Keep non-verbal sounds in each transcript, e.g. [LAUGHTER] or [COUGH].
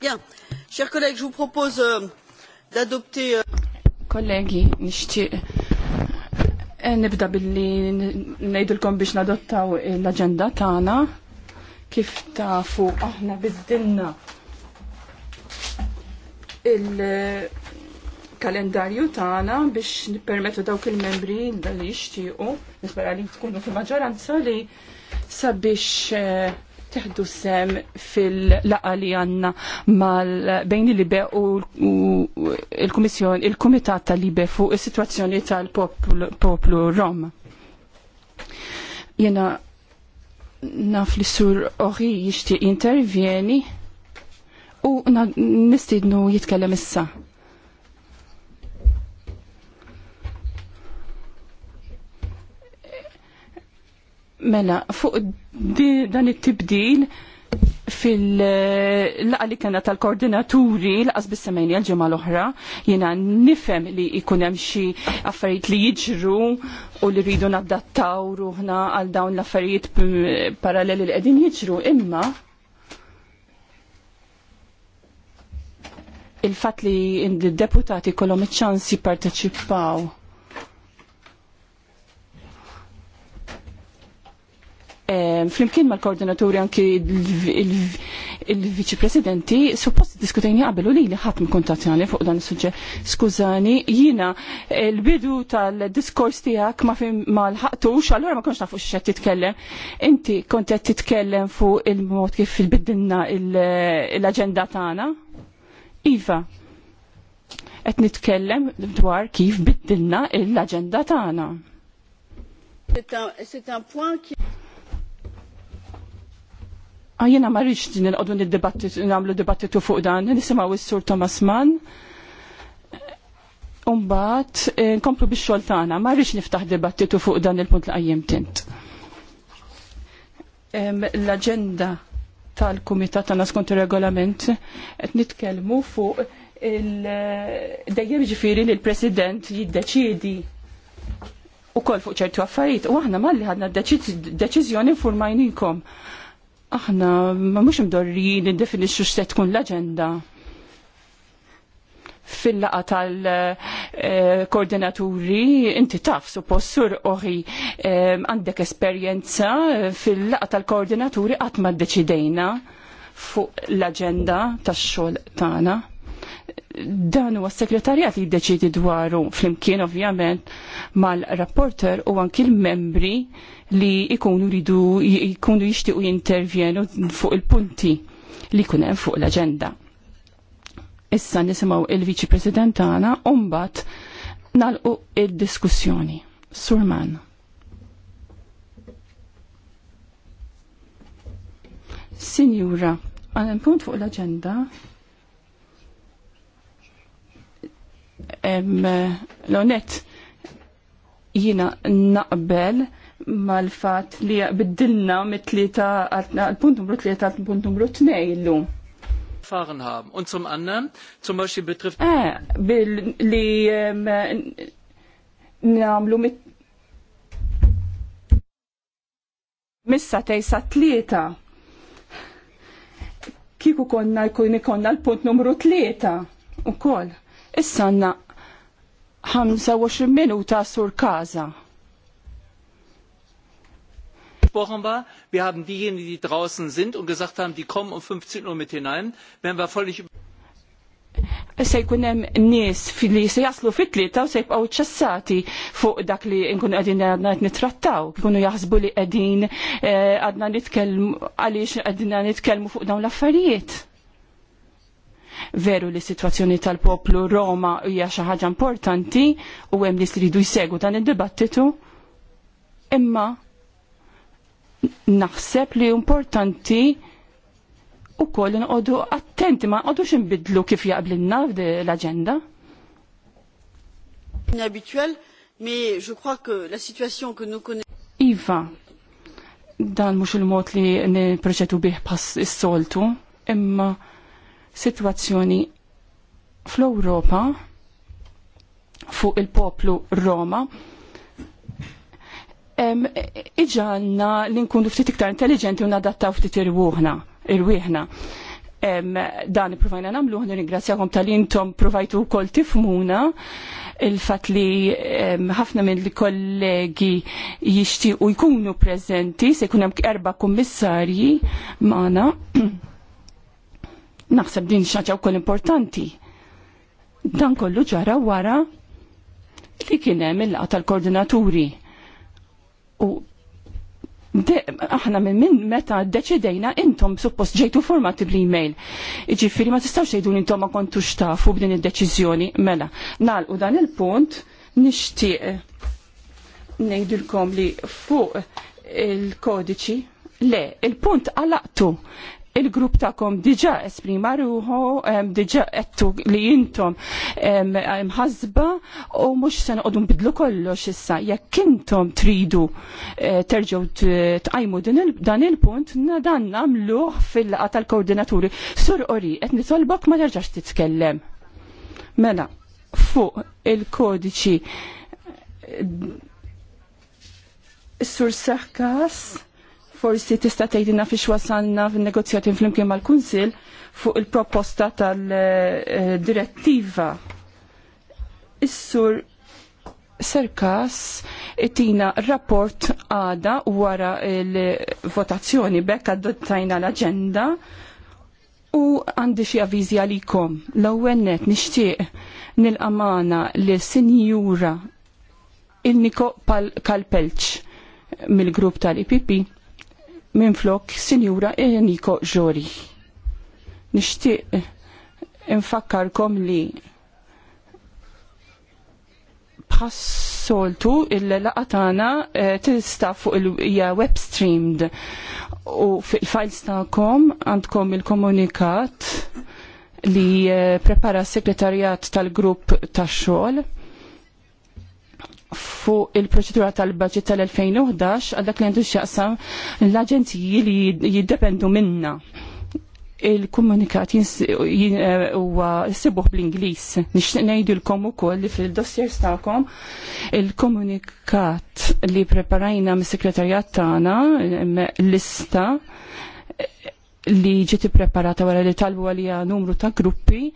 Bien, chers collègues, je vous propose euh, d'adopter. Euh... Kollegi, nixtieq eh, nibda billi ngħidulkom biex nadottaw l-aġenda tagħna kif tafu aħna biddilna il-kalendarju tagħna biex nippermettu dawk il-membri li jixtiequ nispera li tkunu fil-maġġoranza li sabiex teħdu sem fil-laqa li għanna mal bejn il-libe u il-Komissjon, il-Komitat tal-Libe fuq is-situazzjoni tal-poplu Rom. Jena naf li sur oħi jishtiq intervjeni u nistidnu jitkellem issa. Mela, fuq dan it-tibdil fil-laqa li kena tal-koordinaturi laqas bis-semajni għal-ġimgħa l-oħra, jiena nifhem li jkun hemm xi affarijiet li jiġru u li rridu nadattaw ruħna għal dawn l-affarijiet paralleli li qegħdin jiġru, imma il-fat li d deputati kolom iċ-ċans jipparteċipaw Eh, flimkien mal-koordinaturi anki il-Viċi Presidenti, suppost diskutajni għabelu u li li ħadd kontazzjoni fuq dan is-suġġett. Skużani, jiena l-bidu tal-diskors tiegħek ma fim l-ħaqtux, allura ma konx nafu x'qed titkellem. Inti kont qed titkellem fuq il-mod kif il-biddilna l agenda tagħna. Iva, qed nitkellem dwar kif biddilna l agenda tagħna. C'est un, un point qui... Għajjena ah, marriċ din il dibattitu namlu dibattitu fuq dan, nisimaw il-sur Thomas Mann. Umbat, eh, nkomplu biex xoltana, marriċ niftaħ dibattitu fuq dan il-punt li għajjem tint. L-agenda tal-Kumitat għana skont il-regolament, et nitkelmu fuq il-dejjem ġifiri li l-President jiddeċidi u kol fuq ċertu affarijiet. U aħna malli għadna deċizjoni informajnikom aħna ma mhux imdorri niddefinixxu x'se tkun l-aġenda fil-laqa tal-koordinaturi, inti taf, suppossur uħi għandek esperjenza fil-laqa tal-koordinaturi għatma d-deċidejna fuq l-agenda tax xogħol tagħna dan huwa s-sekretarjat li jiddeċiedi dwaru flimkien ovvjament mal-rapporter u anki l-membri li ikunu ridu ikunu jixtiequ jintervjenu fuq il-punti li jkun hemm fuq l-aġenda. Issa nisimgħu il-Viċi President tagħna u mbagħad nagħlqu id-diskussjoni. Surman. Sinjura, għan punt fuq l-aġenda l-onet jina naqbel mal-fat li biddilna mit-tlieta għal-punt numru tlieta għal-punt numru tnej l lu Fahren haben. Un zum annan, zum Beispiel betrifft... Eh, bil li namlu mit... Missa tejsa tlieta. Kiku konna jkun ikonna l-punt numru tlieta u koll Issa għanna 25 minuta sur kaza. gesprochen war. Wir haben diejenigen, die draußen sind und gesagt haben, die kommen um 15 Uhr mit hinein. wenn wir völlig se jkun hemm nies li se jaslu fit-tlieta u se jibqgħu ċessati fuq dak li nkunu qegħdin qed nittrattaw, jkunu jaħsbu li qegħdin eh, għadna nitkellmu għaliex qegħdin nitkellmu fuq dawn l-affarijiet. Veru li situazzjoni tal-poplu Roma hija xi ħaġa importanti u hemm li sridu jsegu dan id-dibattitu, imma naħseb li importanti u koll nqodu attenti ma nqodux inbidlu kif jaqblinna l-agenda. mais je crois que la situation que nous connaissons. Iva, dan mhux il-mod li niproċetu bih pass is-soltu, imma situazzjoni fl-Europa fuq il-poplu Roma iġanna li nkunu ftit iktar intelligenti u nadattaw ftit irwuħna, irwieħna. Dan provajna namlu, nirringrazzjakom tal-intom provajtu kol tifmuna il-fat li ħafna li kollegi jishti u jkunu prezenti, se kunem erba kummissarji [CLEARS THROAT] maħna. Naħseb din xaġa wkoll importanti. Dan kollu ġara wara li kien hemm il tal-koordinaturi. U aħna minn min meta deċidejna intom suppost ġejtu formati bl-email. Iġifieri ma tistgħux tgħidu intom ma kontux tafu b'din id-deċiżjoni mela. u dan il-punt nixtieq ngħidilkom li fuq il-kodiċi le, il-punt għalaqtu il-grupp ta'kom diġa esprima ruħu, diġa għettu li jintom mħazba u mux sen għodun bidlu kollox issa. Jekk intom tridu eh, terġaw tqajmu dan il-punt, dan namluħ fil-laqa tal-koordinaturi. Sur ori, qed nitolbok ma terġax titkellem. Mela, fuq il-kodiċi eh, Sur Sarkas Forsi tista' tgħidilna fix wasalna fin-negozjati flimkien mal-Kunsill fuq il-proposta tal-direttiva. Is-sur Serkas itina rapport għada wara il-votazzjoni bekk għaddottajna l-agenda u għandi xi avviżi għalikom. L-ewwel net nil-amana li sinjura il-Niko Kalpelċ mill-grupp tal-IPP minn flok Sinjura Eniko Ġori. Nishtiq infakkarkom li bħassoltu il-laqatana eh, tista fuq il-web streamed u fil-files ta'kom għandkom il-komunikat li eh, prepara s tal-grupp tax-xogħol fuq il-proċedura tal-budget tal-2011 għadak li għandu xaqsam l-aġenziji li jiddependu minna il-komunikat eh, huwa sibuħ bl-Inglis. Nixtieq ngħidilkom ukoll li fil-dossiers tagħkom il-komunikat li preparajna mis-sekretarjat tagħna lista eh, li ġieti preparata wara li talbu għalija numru ta' gruppi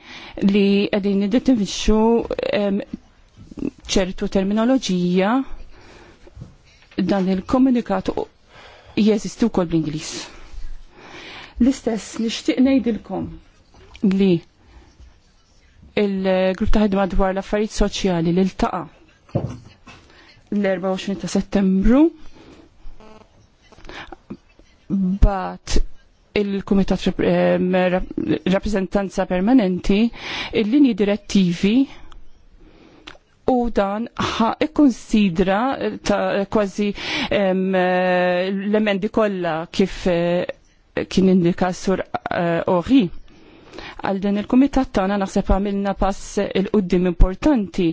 li għedin id-detinvixxu ċertu terminoloġija dan il-komunikat jeżistu kol bl-Inglis. L-istess, nishtiq nejdilkom li il-grupp ta' ħidma dwar l-affarijiet soċjali li l-taqa l-24 ta' settembru bat il-Kumitat eh, Rappresentanza Permanenti il-linji direttivi u dan ħa ikkonsidra ta' kważi eh, l-emendi kollha kif eh, kien indika sur eh, oħi. Għal din il-kumitat tagħna naħseb għamilna pass il-qudiem importanti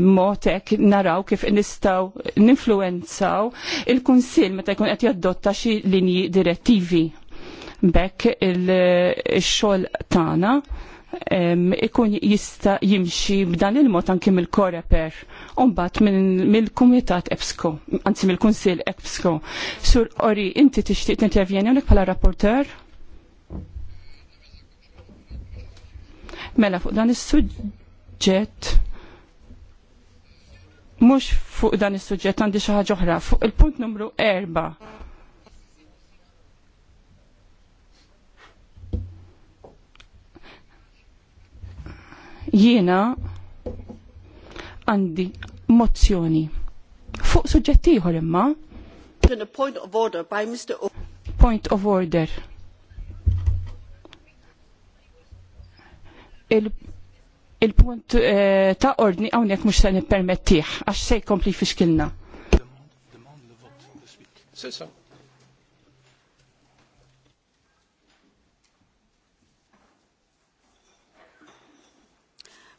mod hekk naraw kif nistgħu ninfluwenzaw il-kunsill meta jkun qed jaddotta xi linji direttivi. Bekk il-xogħol tagħna ikun jista jimxi b'dan il-mod anki mill-koreper unbat mill-kumitat EBSCO, anzi mill-kunsil EBSCO. Sur Ori, inti tixtieq intervjeni unik bħala rapporter? Mela fuq dan is-suġġett mhux fuq dan is-suġġett għandi xi ħaġa oħra, fuq il-punt numru erba' Jiena għandi mozzjoni fuq suġġettiħor imma. Point of order by Mr. O point of order. Il-punt eh, ta' ordni għawnek mux se nippermettiħ, għax se jkompli fiskilna. Demand, demand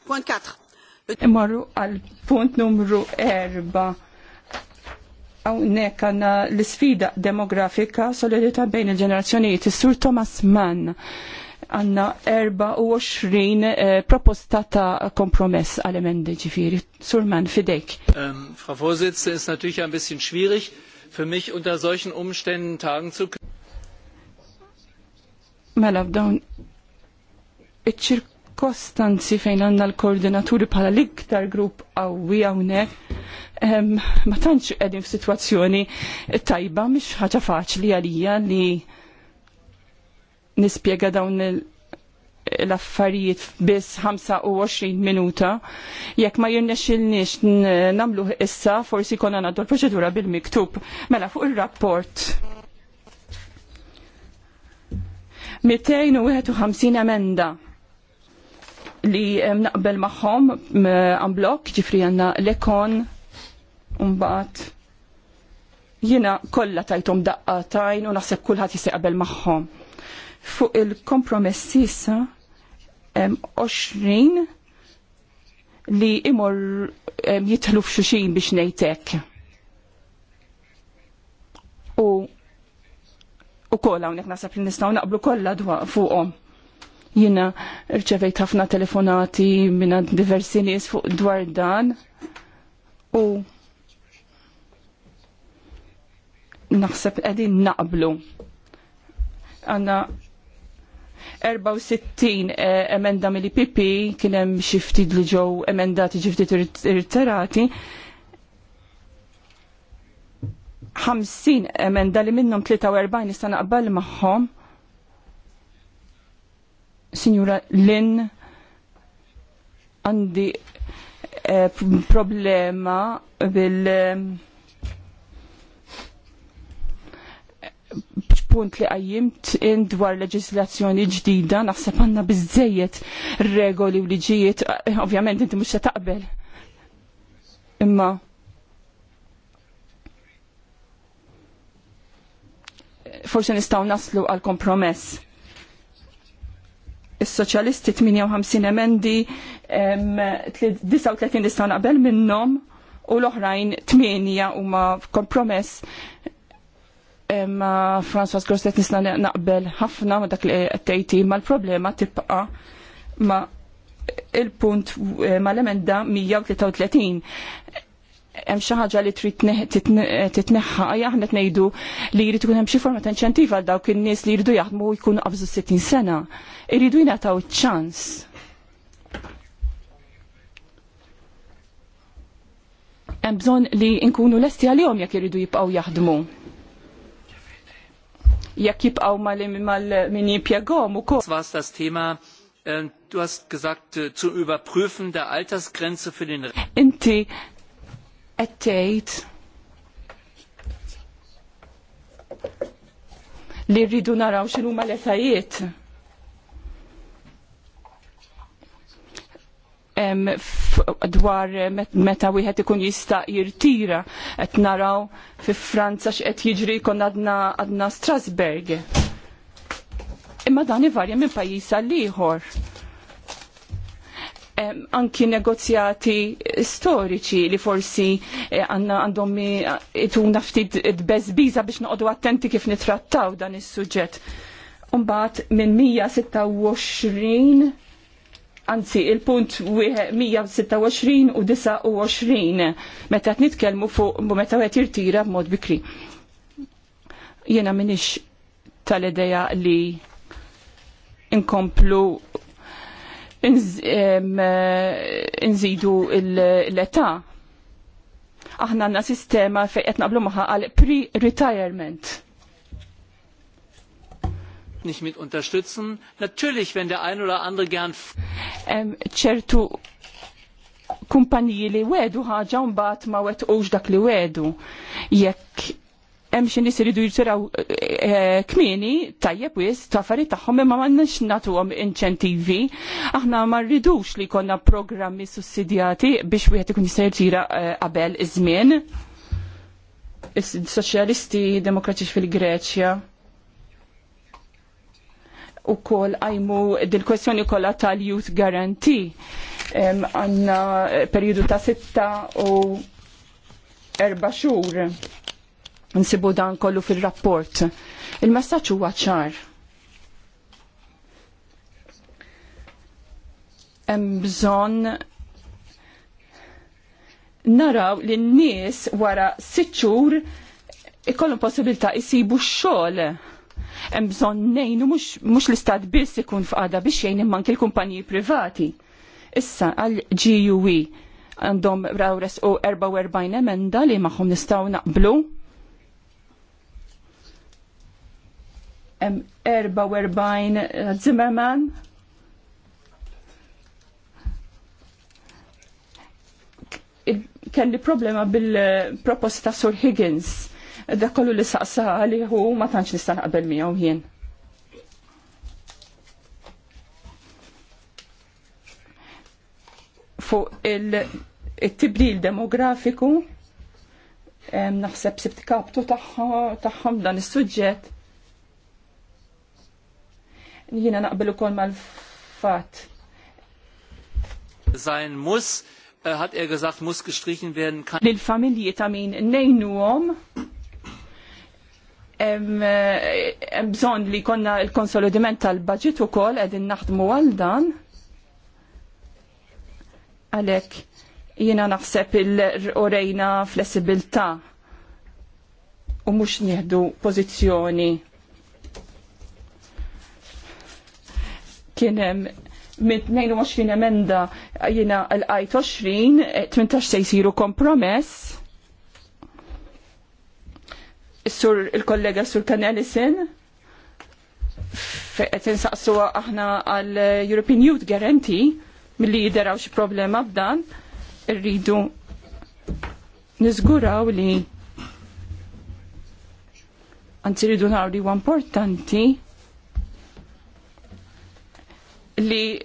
Point Imorru għal punt numru 4. Hawnhekk għandna l-isfida demografika solidità bejn il-ġenerazzjonijiet. Is-Sur Thomas Mann għandna 24 eh, proposta ta' kompromess għal emendi ġifiri. Sur Mann fidejk. Um, Frau Vorsitzende, ist natürlich ein bisschen schwierig für mich unter solchen Umständen tagen zu können. Mela f'dawn iċ Kostanzi fejn għanna l-koordinaturi bħala l-iktar grupp għawi għawnek, ma tantx għedin f-situazzjoni tajba, mish ħaġa faċli għalija li nispiega dawn l-affarijiet biss 25 minuta. Jekk ma jirnexilniex namluħ issa, forsi konna għandu l-proċedura bil-miktub. Mela, fuq il-rapport 251 emenda li naqbel maħħom blok, ġifri għanna lekon, unbat. Jina kolla tajtum daqqa tajn u naħseb kullħat qabel maħħom. Fuq il-kompromessi sa 20 li imur jitħlu f'xuxin biex nejtek. U u kolla unek nasab li nistaw naqblu kolla fuqom. Jina rċevejt ħafna telefonati minna diversi nies fuq dwar dan u naħseb qegħdin naqblu. Għanna 64 eh, emenda mill-PP kien hemm xi ftit li ġew emendati ġi ftit irterati. 50 emenda li minnhom 43 nista' naqbel magħhom Signora Lynn, għandi eh, problema bil eh, punt li għajjimt in dwar leġislazzjoni ġdida, naħseb għanna bizzejiet regoli u liġijiet, eh, ovvjament inti mux taqbel. Imma forse nistaw naslu għal kompromess is-soċjalisti 58 emendi, 39 nistgħu naqbel minnhom u l-oħrajn 8 huma kompromess. Ma François Grosset nisna naqbel ħafna ma dak li qed ma l-problema tibqa' ma il-punt eh, ma l-emenda 133 hemm xi ħaġa li trid titneħħa hija aħna tnejdu li jrid ikun hemm xi forma ta' inċentiva għal dawk in-nies li jridu jaħdmu jkunu qabżu 60 sena. Iridu jingħataw ċans. Hemm bżonn li nkunu lesti għalihom jekk iridu jibqgħu jaħdmu. Jekk jibqgħu mal-min jimpjegahom ukoll. Ähm, du hast gesagt, äh, zu überprüfen der Altersgrenze für den Inti qed li rridu naraw x'inhuma l-etajiet. dwar meta wieħed ikun jista' jirtira qed naraw fi Franza x'qed jiġri jkun għadna għadna Strasberg. Imma dan ivarja minn pajjiż għal ieħor anki negozjati storiċi li forsi eh, għanna għandhom eh, ituna ftit id-bezbiza biex noqdu attenti kif nitrattaw dan is-suġġett. Umbat minn 126 anzi il-punt 126 u 29 meta qed nitkellmu fuq meta qed jirtira b'mod bikri. Jiena minix tal-idea li inkomplu Eh, nżidu l-età. Aħna għanna sistema fejn qed naqblu magħha għal pre-retirement. Nicht mit unterstützen. Natürlich, wenn der ein oder andere gern. ċertu kumpaniji li wedu ħaġa mbagħad ma wetqux dak li wedu. Jekk hemm xi nies iridu jirtiraw eh, eh, kmieni tajjeb wis ta' affarijiet tagħhom imma m'għandniex nagħtuhom inċentivi. Aħna ma rridux li jkollna programmi sussidjati biex wieħed ikun jista' jirtira eh, qabel iż-żmien. Is-soċjalisti demokratiċi fil-Greċja u kol għajmu dil-kwestjoni kollha tal-Youth Guarantee għanna periodu ta' sitta u erba' xhur nsibu dan kollu fil-rapport. Il-messaċ huwa ċar. Hemm bżonn naraw li n-nies wara sitt xhur ikollhom possibilità jsibu x-xogħol. Hemm bżonn ngħinu mhux l-istat biss ikun f'qada biex jgħin imman il-kumpaniji privati. Issa għal GUE għandhom rawres u 44 emenda li magħhom nistgħu naqblu 44 eh, Zimmerman. Kelli problema bil-proposta Sur Higgins. Da kollu li saqsa li hu ma tantx nista' naqbel miegħu jien. Fuq il-tibdil demografiku naħseb sibt kaptu tagħhom dan is-suġġett Jiena naqbel ukoll mal-fatt. Sein muss, äh, hat er gesagt, muss gestrichen werden kann. Lil-familji ta' min nejnuhom äh, bżon li konna il-konsolidiment tal-budget u kol edin naħdmu għal dan. Għalek, jina naħseb il-orejna flessibilta u mux nieħdu pozizjoni Kien hemm minn 22 emenda jiena l-għajt 20, 18 se jsiru kompromess. Sur il-kollega Sur Kanelisen, qed insaqsu aħna għal European Youth Guarantee milli jideraw xi problema b'dan, irridu niżguraw li anzi rridu naraw li huwa importanti li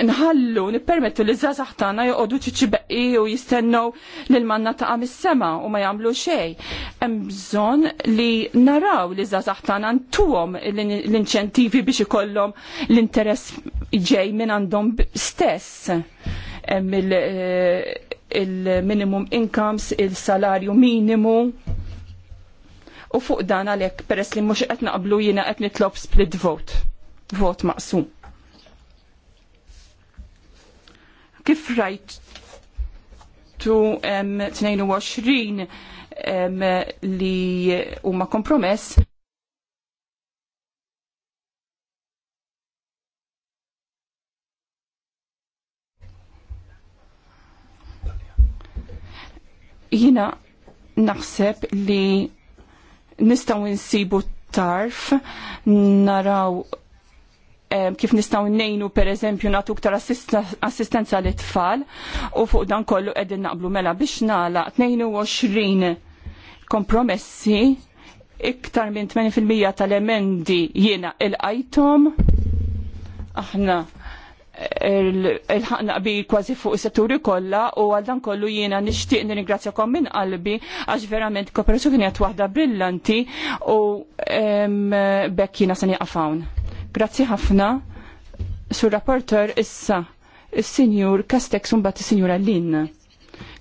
nħallu, nippermettu li zazax tagħna joqogħdu ċiċibeqi u jistennew lil manna ta' mis-sema u ma jagħmlu xejn. Hemm bżonn li naraw li zazax tagħna ntuhom l-inċentivi biex ikollhom l-interess ġej minn għandhom stess il-minimum incomes, il-salarju minimu. U fuq dan għalhekk peress li mhux qed naqblu jiena qed nitlob split vote, vot maqsum. kif rajt tu 22 li huma kompromess jina naħseb li nistaw insibu tarf naraw kif nistaw nejnu per eżempju natu ktar assistenza li tfal u fuq dan kollu edin naqblu mela biex nala 22 kompromessi iktar minn 80% tal-emendi jiena il ajtom aħna il-ħakna bi kważi fuq is-setturi kollha u għal dan kollu jiena nixtieq nirringrazzjakom minn qalbi għax verament kooperazzjoni qed waħda brillanti u bekk jiena se nieqaf hawn. Grazzi ħafna. Sur rapporter issa il-Sinjur Kastek sumbat il-Sinjura Lin.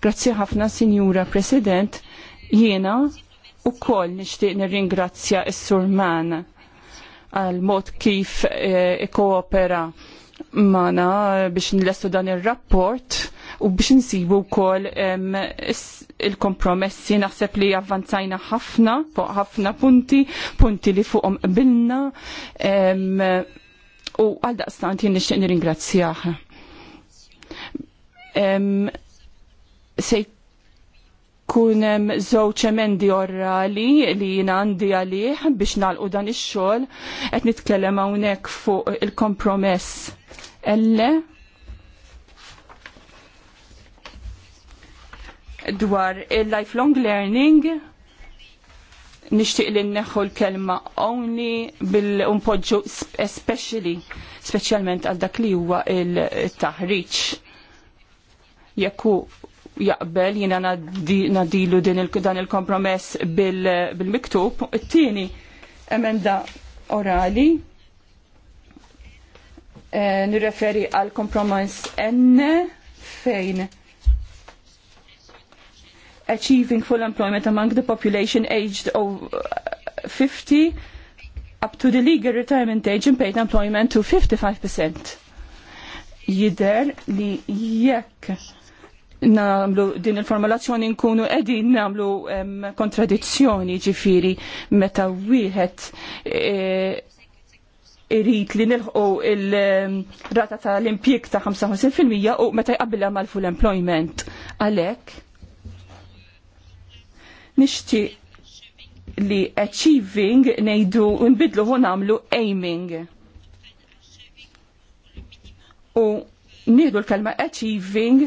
Grazzi ħafna, Sinjura President, jiena u koll nishtiq nirringrazzja is-Surman għal mod kif eh, ikkoopera e, mana biex nlestu dan il-rapport u biex nsibu kol il-kompromessi naħseb li avvanzajna ħafna, fuq ħafna punti, punti li fuqhom qbilna u għal daqstant jien nixtieq nirringrazzjah. Se jkun hemm żewġ emendi orali li jien għandi għalih biex nagħlqu dan ix-xogħol qed nitkellem hawnhekk fuq il-kompromess elle dwar il-lifelong learning nishtiq li neħu l-kelma only bil-unpoġġu especially, specialment għal dak li huwa il-taħriċ. Jekku jaqbel jina nadilu din dan il-kompromess bil-miktub, it-tieni emenda orali Eh, nirreferi għal kompromess N fejn achieving full employment among the population aged over eh, 50 up to the legal retirement age and paid employment to 55%. Jider li jekk namlu din il-formulazzjoni nkunu edin namlu kontradizzjoni ġifiri meta wieħed eh, irrit li nilħu il-rata tal-impjik ta' 55% u meta jqabbilha mal-full employment. Għalhekk nixtieq li achieving ngħidu nbidlu hu nagħmlu aiming. U nieħdu l-kelma achieving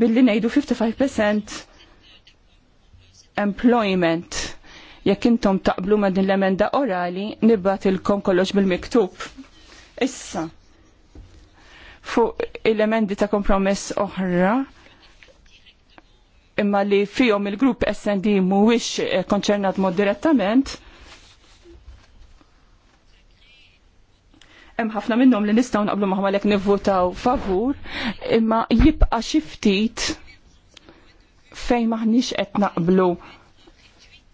billi ngħidu 55% employment Jekk intom taqblu ma' din l-emenda orali, il-kom kollox bil-miktub. Issa, fuq il-emendi ta' kompromess oħra, imma li fihom il-grupp SND mhuwiex eh, konċernat mod direttament, hemm ħafna minnhom li nistgħu naqblu magħhom nivvotaw nivvutaw favur, imma jibqa' xi ftit fejn maħniex qed naqblu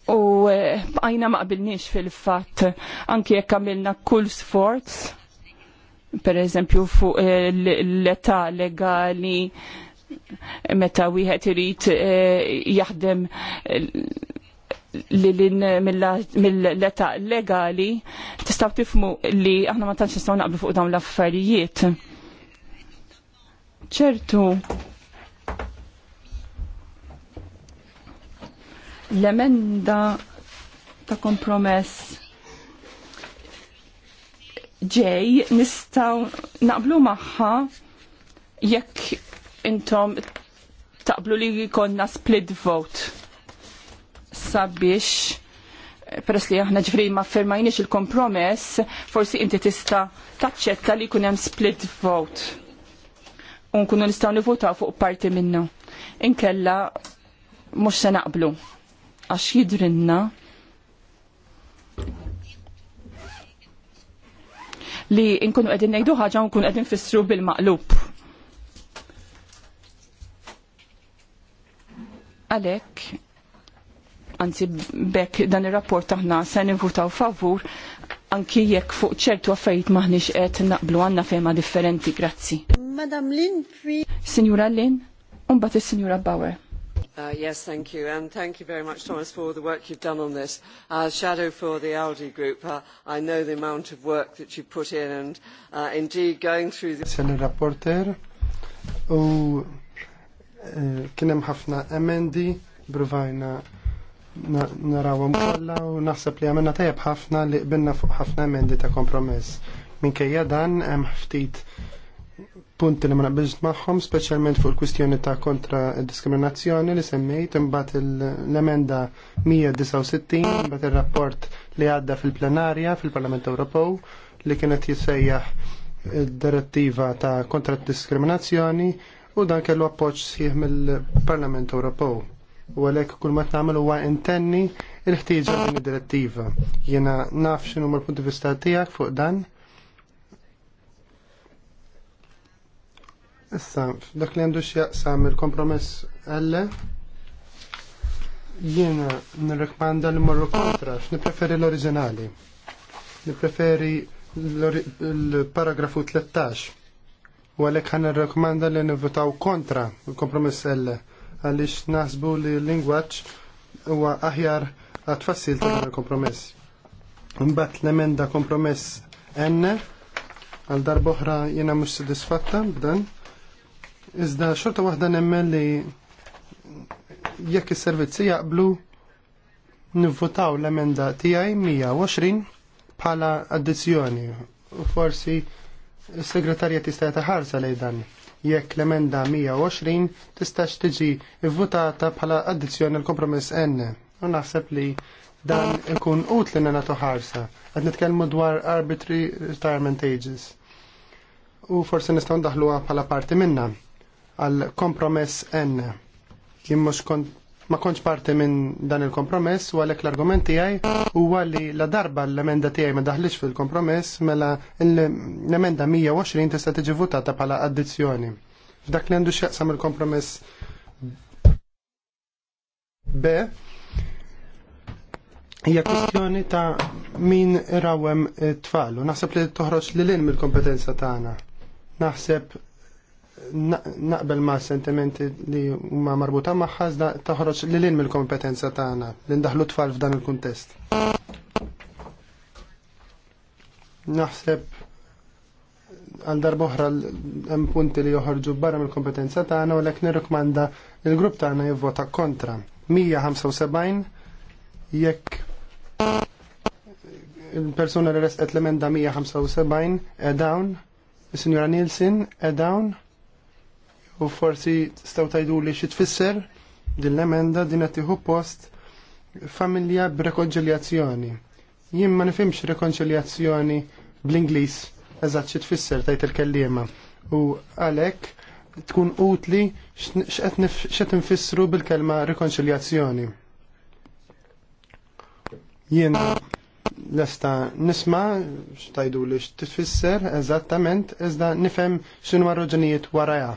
u eh, bqajna ma qbilniex fil-fatt anki jekk għamilna kull sforz per eżempju fuq eh, l-età legali meta wieħed irid eh, jaħdem li lin mill-età legali tistgħu tifmu li aħna ma tantx nistgħu naqblu fuq dawn l-affarijiet. ċertu L-emenda ta' kompromess ġej nistaw naqblu maħħa jekk intom taqblu li konna split vote sabiex peress li aħna ġifri ma fermajniex il-kompromess, forsi inti tista taċċetta li kunem split vote. Unkunu nistaw nivotaw fuq parti minnu. Inkella mux se naqblu għax jidrinna li nkunu qegħdin ngħidu ħaġa u nkunu qegħdin fissru bil-maqlub. Għalek, anzi bekk dan ir-rapport aħna se nivutaw favur anki jekk fuq ċertu għaffajt maħniex qed naqblu għandna fema differenti, grazzi. Madam Lin, Sinjura Lin, u mbagħad is-Sinjura Bauer. Uh, yes, thank you. And thank you very much, Thomas, for the work you've done on this. As uh, shadow for the ALDE group, uh, I know the amount of work that you put in and uh, indeed going through the... Sen rapporter u eh, kienem ħafna emendi bruvajna narawom kolla u naħseb li għamena tajab ħafna li qbinna fuq ħafna emendi ta' kompromess. Minkejja dan hemm ftit punti li ma naqbilx magħhom, speċjalment fuq il-kwistjoni ta' kontra diskriminazzjoni li semmejt imbagħad l-emenda 169 imbagħad ir-rapport li għadda fil-plenarja fil-Parlament Ewropew li kienet jissejjaħ id direttiva ta' kontra diskriminazzjoni u dan kellu appoġġ sħiħ mill-Parlament Ewropew. U għalhekk kull ma tagħmel huwa intenni il-ħtieġa din id-direttiva. Jiena naf x'inhuma l-punti vista tiegħek fuq dan Issa, dak li għandu x'jaqsam il-kompromess għalle, jiena nirrekmanda li morru kontra, x'nipreferi l-oriġinali. Nipreferi l-paragrafu 13. U għalhekk ħan nirrekmanda li nivvutaw kontra il-kompromess għalle għaliex naħsbu li l-lingwaġġ huwa aħjar għat-fassil tal-kompromess. Imbagħad l-emenda kompromess N għal darboħra jena mux sodisfatta b'dan Iżda xorta waħda nemmen li jekk is-servizzi jaqblu nivvotaw l-emenda tiegħi 120 bħala addizzjoni u forsi s-segretarja tista' taħarsa lejn dan jekk l-emenda 120 tistax tiġi vvutata bħala addizzjoni l-kompromess N. U naħseb li dan ikun utli nagħtu ħarsa. Qed nitkellmu dwar arbitrary retirement ages. U forsi nistgħu ndaħluha bħala parti minnha għal kompromess N. Jien mhux ma kontx parti minn dan il-kompromess u għalhekk l-argument tiegħi huwa li la darba l-emenda tiegħi ma daħlix fil-kompromess mela l-emenda 120 tista' tiġi votata bħala addizzjoni. F'dak li għandu x'jaqsam il-kompromess B hija kwestjoni ta' min irawem tfal u naħseb li toħroġ li lin mill-kompetenza tagħna. Naħseb naqbel ma' sentimenti li huma marbuta magħha da toħroġ li l-in mill-kompetenza tagħna li ndaħlu tfal f'dan il-kuntest. Naħseb għal darboħra hemm punti li joħorġu barra mill-kompetenza tagħna u lek nirrikmanda il-grupp tagħna jivvota kontra. 175 jekk il-persuna li resqet l-emenda 175 e dawn, is-Sinjora Nielsen e u forsi staw tajdu li xi tfisser din l-emenda din għattiħu post familja b'rekonċiljazzjoni. Jien ma nifhimx rekonċiljazzjoni bl-Ingliż eżatt xi tfisser tajt il-kelliema. U għalhekk tkun utli x'qed nfissru bil-kelma rekonċiljazzjoni. Jien lesta nisma x'tajdu li x'tfisser eżattament iżda nifhem x'inhu raġunijiet warajha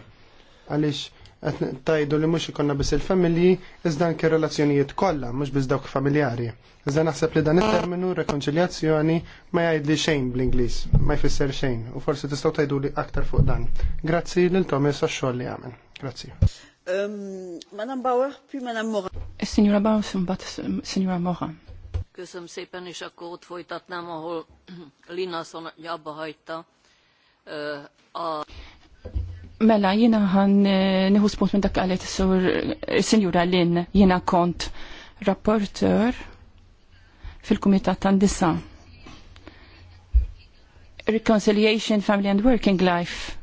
għalix tajdu li mux ikonna bis il-familji izdan ke relazzjonijiet kolla, mux bis dawk familjari. Izdan naħseb li dan il terminu rekonċiljazzjoni ma li xejn bl inglis ma jfisser xejn u forsi tistaw tajdu li aktar fuq dan. Grazzi l-Tomis għax li għamen. Grazzi. Ehm, Madam Bauer, pi Madam Mora. Eh, Signora Bauer, mbagħad Signora Mora. Köszönöm szépen, és akkor ott folytatnám, ahol [CLEARS THROAT] Lina abba hagyta. Mela, jina għan eh, nħu spunt minn dak għalet eh, s senjura l-in jina kont rapporter fil-Kumitat tan-disa. Reconciliation, Family and Working Life.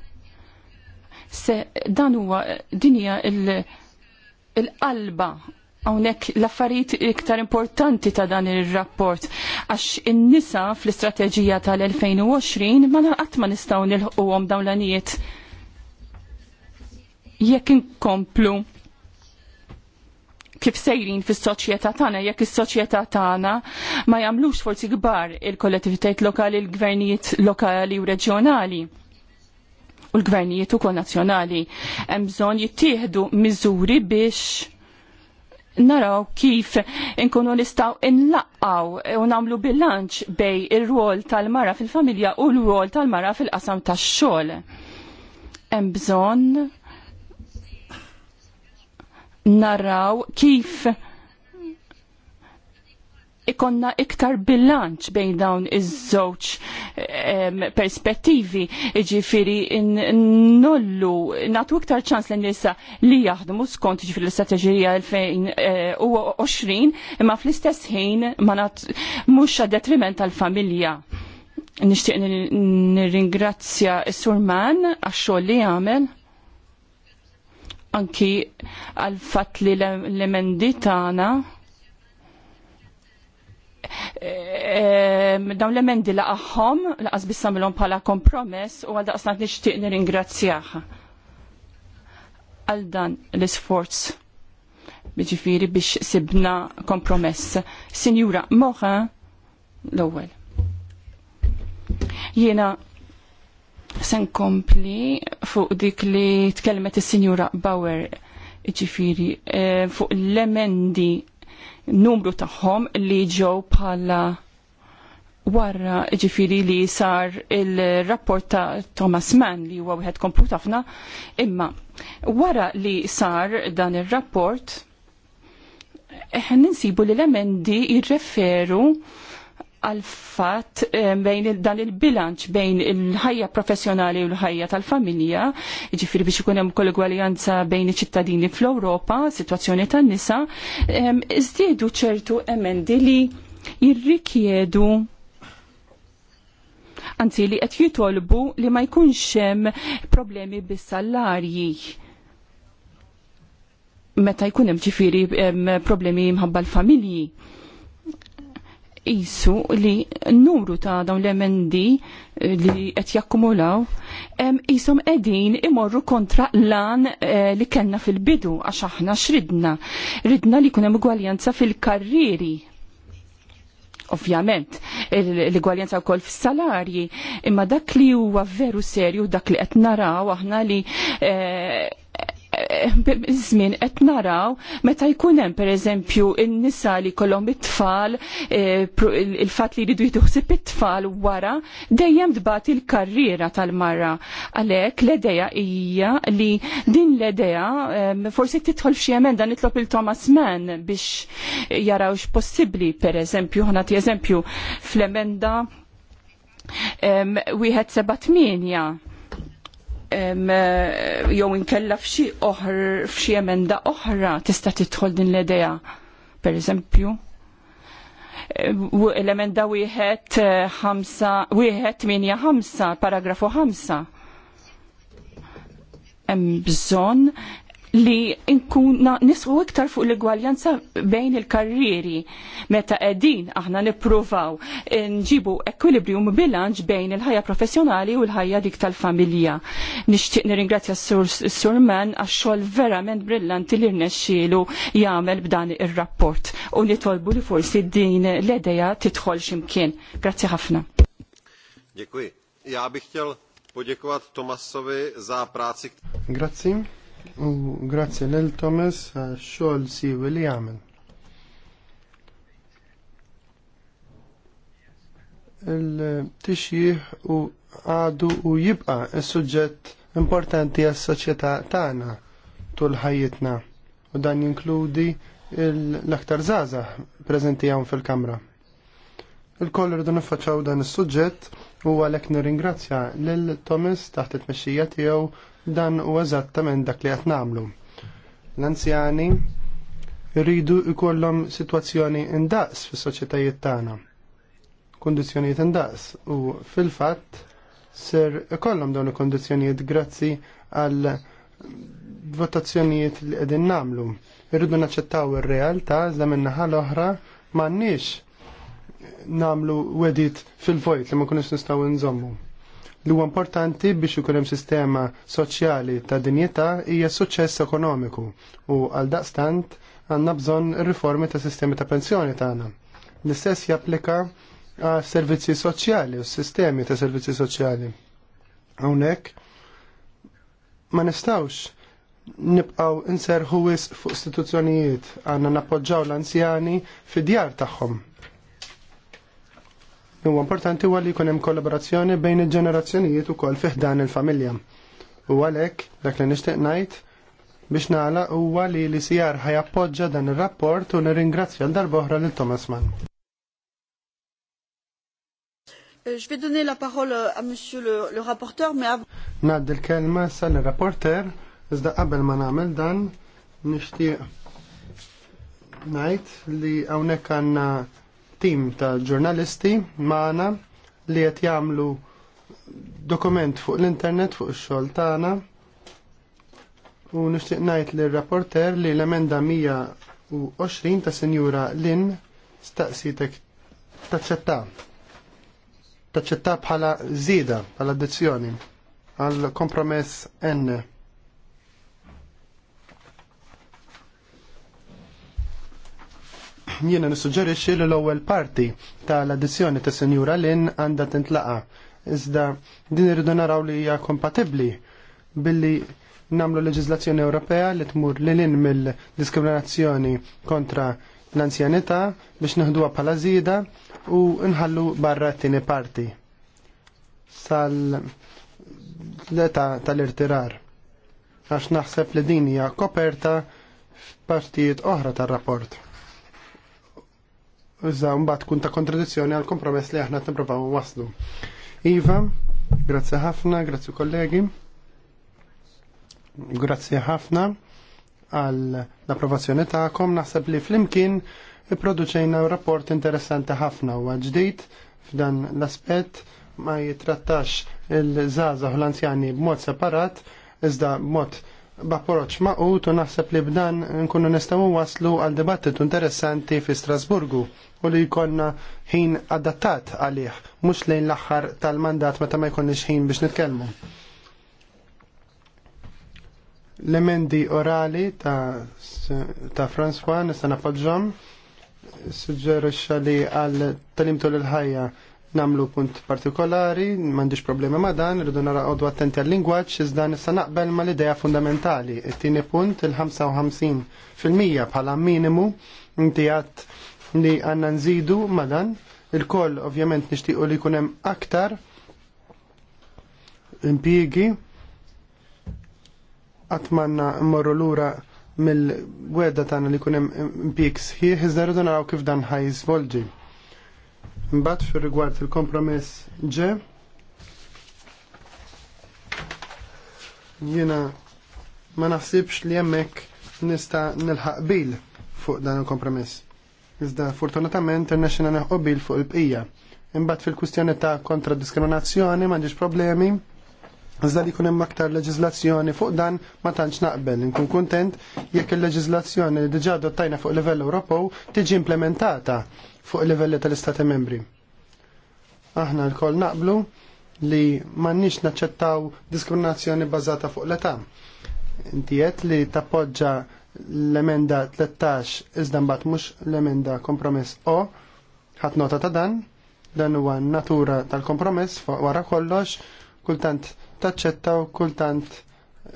Se dan huwa eh, dinja il-qalba għonek hawnhekk l-affarijiet iktar importanti ta' dan ir-rapport għax in-nisa fl-istrateġija tal-2020 ma qatt ma nistgħu nilħquhom dawn l jekk inkomplu kif sejrin fis soċjetà tagħna jekk is-soċjetà tagħna ma jagħmlux forsi kbar il-kollettivitajiet lokali, il-gvernijiet lokali u reġjonali u l-gvernijiet ukoll nazzjonali hemm bżonn jittieħdu miżuri biex naraw kif inkunu nistgħu inlaqqaw u nagħmlu bilanċ bej ir rol tal-mara fil-familja u l rol tal-mara fil-qasam tax-xogħol. Hemm bżonn naraw kif ikonna iktar bilanċ bejn dawn iż-żewġ perspettivi, ġifiri nullu, natu iktar ċans l-nisa li jaħdmu skont ġifiri l-istrateġija 2020, eh, imma fl-istess ħin ma nat mux detriment tal-familja. Nishtiq nirringrazzja s-surman għax-xogħol li għamel anki għal fatt li l-emendi tagħna ehm, dawn l-emendi laqahom, laqas bissamilom bħala kompromess u għal daqsnat nixtieq nirringrazzjah għal dan l-isforz bieġifiri biex sibna kompromess. Sinjura, moħa l-ewwel. Jiena Sen kompli fuq dik li tkellmet il-Sinjura Bauer ġifiri e, fuq l-emendi numru taħħom li ġew bħala warra ġifiri li sar il-rapport ta' Thomas Mann li huwa wieħed komplu ħafna, imma wara li sar dan ir-rapport eh, ninsibu li l-emendi jirreferu għal fat bejn dan il-bilanċ bejn il-ħajja professjonali u l-ħajja tal-familja, ġifiri biex ikun hemm kol-egwaljanza bejn iċ-ċittadini fl-Ewropa, situazzjoni tan-nisa, iżdiedu ċertu emendi li jirrikjedu anzi li qed jitolbu li ma jkunx hemm problemi bis-salarji meta jkun hemm ġifieri problemi mħabba l-familji jisu li n-numru ta' dawn l-emendi eh, li qed jakkumulaw jisom qegħdin imorru kontra lan eh, li kellna fil-bidu għax aħna xridna. Ridna li kunem gwaljanza fil-karriri. Ovvjament, l-igwaljanza wkoll fis-salarji, imma dak li huwa veru serju dak li qed naraw aħna li eh, żmien qed naraw meta jkun hemm pereżempju in-nisa li jkollhom it-tfal eh, il-fatt li jridu jitħsib it-tfal wara dejjem dbagħt il-karriera tal-mara. Għalhekk l edeja hija li din l edeja forsi tidħol f'xi emenda nitlob il-Thomas Mann biex jaraw x pereżempju per eżempju fl-emenda wieħed seba' tminja Eh, jew inkella f'xi oħr f'xi emenda oħra tista' tidħol din l-idea. pereżempju. l-emenda wieħed eh, ħamsa wieħed minja ħamsa paragrafu ħamsa hemm bżonn li nkun nisqu iktar fuq l-igwaljanza bejn il-karrieri meta qegħdin aħna nippruvaw nġibu ekwilibrium bilanċ bejn il-ħajja professjonali u l-ħajja dik tal-familja. Nixtieq nirringrazzja s surman Man għax-xogħol verament brillanti li rnexxielu jagħmel b'dan ir-rapport u nitolbu li forsi din l-edeja tidħol x'imkien. Grazzi ħafna. Děkuji. Ja bych chtěl poděkovat Tomasovi za práci. Grazie. U grazzi lil Thomas xogħol siwi li jagħmel. Il-tixjih u għadu u jibqa is-suġġett importanti għas-soċjetà tagħna tul ħajjitna u dan jinkludi l-aktar zaza prezenti hawn fil-kamra. Il-koll rridu niffaċċaw dan is-suġġett u għalek nirringrazzja lil Thomas taħt it-mexxija tiegħu Dan u eżattament dak li qed nagħmlu. L-anzjani rridu jkollhom sitwazzjoni indaqs fis-soċjetajiet tagħna. Kundizzjonijiet indaqs u fil-fatt ser ikollhom dawn il kondizjonijiet grazzi għal votazzjonijiet li qegħdin nagħmlu. Irridu naċċettaw ir-realtà iżda min-naħa l-oħra m'għandniex nagħmlu wedit fil-vojt li ma kunux nistgħu nżommu li huwa importanti biex ikun hemm sistema soċjali ta' dinjità hija suċċess ekonomiku u għal daqstant għandna bżonn riformi ta' sistemi ta' pensjoni tagħna. L-istess japplika għal servizzi soċjali u sistemi ta' servizzi soċjali. Hawnhekk ma nistgħux nibqgħu inserħu wis fuq istituzzjonijiet għandna nappoġġaw l-anzjani fid-djar tagħhom huwa importanti huwa li jkun hemm kollaborazzjoni bejn il-ġenerazzjonijiet ukoll fih dan il-familja. U għalhekk dak li nixtieq ngħid biex nagħlaq huwa li li sijar ħajappoġġa dan ir-rapport u nirringrazzja l darboħra lil Thomas Mann. Euh, je vais donner la parole à monsieur le, le rapporteur, mais avant... Nad il-kelma le rapporteur iżda qabel ma nagħmel dan nixtieq ngħid li hawnhekk għandna tim ta' ġurnalisti magħna li qed jagħmlu dokument fuq l-internet fuq ix-xogħol tagħna u nixtieq ngħid lir rapporter li l-emenda 120 ta' Sinjura Lin staqsitek taċċetta. Taċċetta bħala żieda bħala addizzjoni għal kompromess N. jiena nissuġġerixxi li l-ewwel parti tal-addizzjoni ta' Sinjura Lin għandha tintlaqa. Iżda din irridu naraw li hija kompatibbli billi namlu leġiżlazzjoni Ewropea li tmur lil in mill-diskriminazzjoni kontra l-anzjanità biex neħduha bħala żieda u nħallu barra t-tieni parti sal-leta tal-irtirar. Għax naħseb li din hija koperta f'partijiet oħra tar-rapport iżda mbagħad tkun ta' kontradizzjoni għal kompromess li aħna nippruvaw waslu. Iva, grazzi ħafna, grazzi kollegi. Grazzi ħafna għal l-approvazzjoni tagħkom naħseb li flimkien ipproduċejna rapport interessanti ħafna u ġdid f'dan l-aspett ma jitrattax il-żgħażagħ l-anzjani b'mod separat iżda b'mod b'approċċ maqut u naħseb li b'dan nkunu nistgħu waslu għal dibattitu interessanti fi Strasburgu u li jkollna ħin adattat għalih mhux lejn l-aħħar tal-mandat meta ma jkollniex ħin biex nitkellmu. L-emendi orali ta', ta François nista' napoġġhom suġġerixxa li għal talimtu l-ħajja namlu punt partikolari, mandiġ problema ma dan, rridu nara għodu attenti għal-lingwaċ, iżda nissa naqbel ma l-ideja fundamentali. It-tini punt, il-55% bħala minimu, inti għat li għanna nżidu ma dan, il-koll ovvjament nishtiqu li kunem aktar impiegi, għatmanna morru l-ura mill-wedda tagħna li kunem impiegs, sħiħ, iżda rridu naraw kif dan ħajżvolġi Mbatt fil rigward il-kompromess ġe jiena ma naħsibx li hemmhekk nista' nilħaq bil fuq dan il-kompromess. Iżda fortunatament irnexxina neħqo bil fuq il-bqija. Mbatt fil-kwistjoni ta' kontra diskriminazzjoni m'għandix problemi. Iżda li jkun hemm aktar fuq dan ma tantx naqbel. Nkun kuntent jekk il-leġiżlazzjoni li diġà adottajna fuq livell Ewropew tiġi implementata fuq il-livelli tal-Istati membri. Aħna l-koll naqblu li mannix naċċettaw diskriminazzjoni bazzata fuq l-età. Inti li tappoġġa l-emenda 13 iżda mbagħad mhux l-emenda kompromess O, ħadd nota ta' dan, dan huwa natura tal-kompromess wara kollox, kultant taċċettaw kultant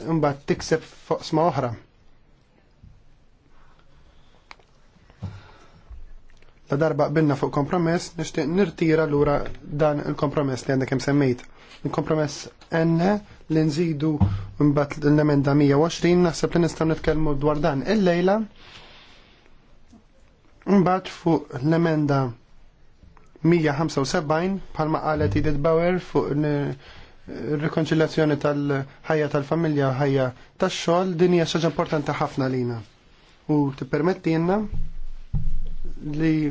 imbagħad tikseb fuq sma oħra. Ta' darba qbilna fuq kompromess, nixtieq nirtira lura dan il-kompromess li għandek semmejt. Il-kompromess enne li nżidu mbagħad l-emenda 120 naħseb li nistaw nitkelmu dwar dan illejla. Mbatt fuq l-emenda 175 bħalma qalet Edith Bauer fuq il-rekonċiljazzjoni tal-ħajja tal-familja u ħajja tax-xogħol din hija xaġa importanti ħafna lina. U tippermettilna li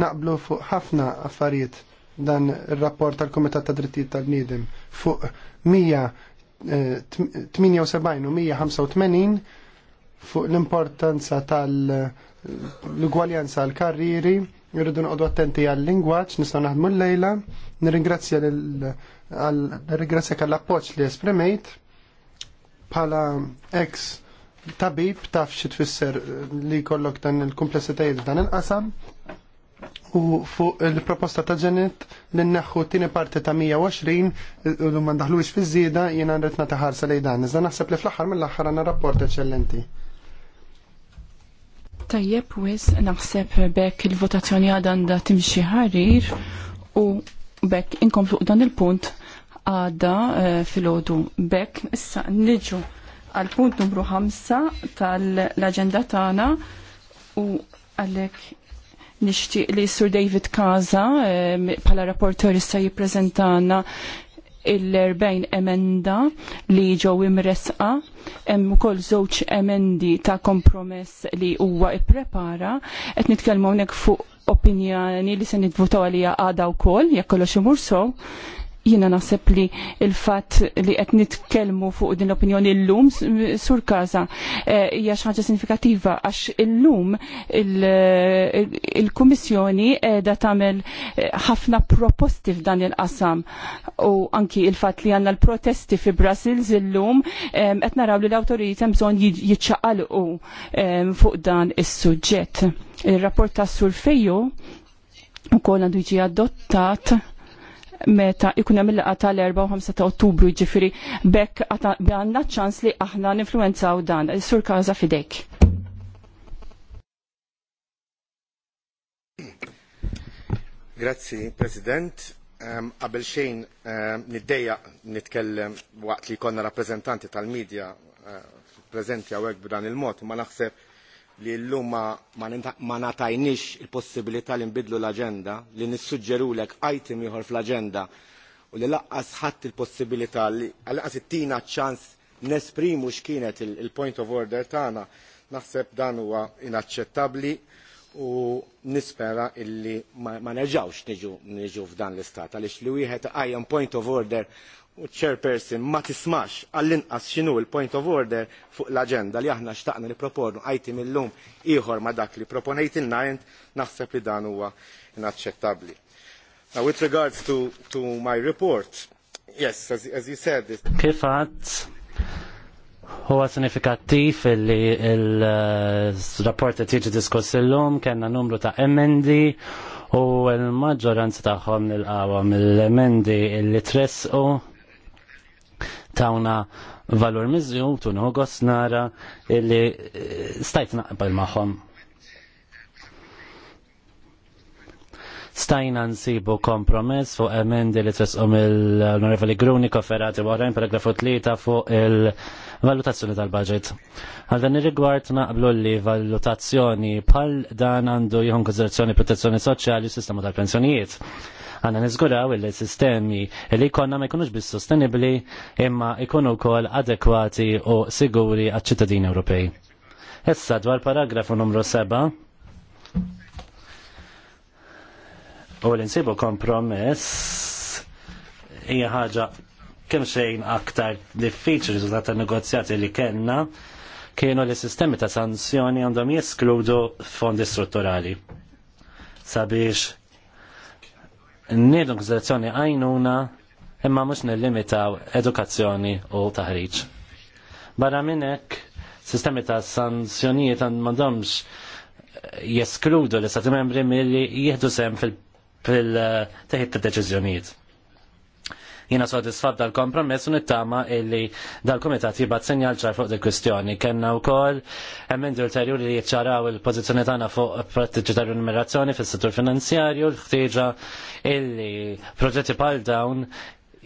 naqblu fuq ħafna affarijiet dan il-rapport tal-Komitat ta' Drittijiet tal-Bniedem fuq 178 eh, u 185 fuq l-importanza tal-ugwaljanza għal-karriri, irridu noqdu attenti għal-lingwaċ, nistaw naħdmu l-lejla, nirringrazzja l appoċ li esprimejt bħala ex tabib taf xi tfisser eh, li jkollok dan il-kumplessitajiet dan il-qasam u fuq il-proposta ta' ġenet li neħħu tieni parti ta' 120 u eh, ma ndaħlux fi fizzida jena rritna ta' ħarsa lejn dan. Iżda naħseb li fl-aħħar mill-aħħar għandna rapport eċċellenti. Tajjeb wis naħseb bekk il-votazzjoni da' timxie ħarir u bekk inkomplu dan il-punt għada eh, fil-ħodu bekk issa niġu għal punt numru 5 tal-agenda tagħna u għalhekk nixtieq li Sur David Kaza bħala e, rapporter issa jippreżentana il-40 emenda li ġew imresqa hemm ukoll żewġ emendi ta' kompromess li huwa ipprepara qed nitkellmu hawnhekk fuq opinjoni li se nidvutaw għalija għada wkoll jekk kollox imur sew Jiena naħseb li il-fatt li qed nitkellmu fuq din l-opinjoni llum sur kaza eh, hija xi ħaġa sinifikattiva għax illum il-Kummissjoni qiegħda tagħmel eh, ħafna proposti f'dan il-qasam u anki il-fatt li għandna l-protesti fi Brasils illum eh, qed naraw li l-awtoritajiet hemm bżonn jiċċaqalqu fuq dan is-suġġett. Il-rapport tas-Sur Fejju ukoll għandu jiġi adottat meta ikun hemm il-laqa tal-4 u 5 ta' Ottubru jiġifieri bekk għandna ċans li aħna ninfluwenzaw dan. Sur każa fidejk. Grazzi, President. Ehm, qabel um, xejn um, ehm, niddejja nitkellem waqt li jkollna rappresentanti tal-medja uh, eh, preżenti b'dan il-mod, ma naħseb li l-lum ma natajnix il-possibilità li nbidlu l-aġenda, li nissuġġerulek item ieħor fl-aġenda u li laqqas ħadd il-possibilità li it-tina ċans nesprimu x'kienet il-point of order tagħna, naħseb dan huwa inaċċettabbli u nispera illi ma, ma nerġawx niġu f'dan l-istat għaliex li wieħed qajjem point of order u chairperson ma tismax għall-inqas x'inhu il-point of order fuq l-aġenda li aħna xtaqna li proponu għajti mill-lum ieħor ma dak li proponajt il-najnt naħseb li dan huwa inaċċettabbli. Now with regards to, to my report, yes, as, as you said... This... Kifat huwa sinifikattiv li il-rapport uh, tiġi diskuss illum kellna numru ta' emendi u l-maġġoranza tagħhom nilqawha mill-emendi li tressqu tawna valur mizzjum, tunu għos nara illi eh, stajt naqbel maħom. Stajna nsibu kompromess fuq emendi li tresqom il-Onorevoli Gruni kofferati warren paragrafu tlieta fuq il-valutazzjoni tal-budget. Għal dan ir-rigward naqblu li valutazzjoni bħal dan għandu jħon konsiderazzjoni protezzjoni soċjali u sistema tal-pensjonijiet. Għanna nizguraw il-sistemi li konna ma jkunux bis sostenibli imma ikunu kol adekwati u siguri għad ċittadini Ewropej. Issa dwar paragrafu numru 7 u l-insibu kompromess hija ħaġa kemm xejn aktar diffiċli riżultat tan-negozjati li kellna kienu li sistemi ta' sanzjoni għandhom jeskludu fondi strutturali sabiex nil gżazzjoni għajnuna imma mux nillimitaw edukazzjoni u taħriġ. Barra minnek, sistemi ta' sanzjonijiet għand mandomx eh, jeskludu l stati membri milli jihdu sem fil eh, teħit ta' deċizjonijiet. Jina sodisfat dal-kompromess u nittama illi dal-komitat jibat senjal ċar fuq dil-kwistjoni. Kenna u kol emmendi ulterjuri li jċaraw il-pozizjoni tagħna fuq prattiġi tal fis-settur finanzjarju, l-ħtieġa illi proġetti pal dawn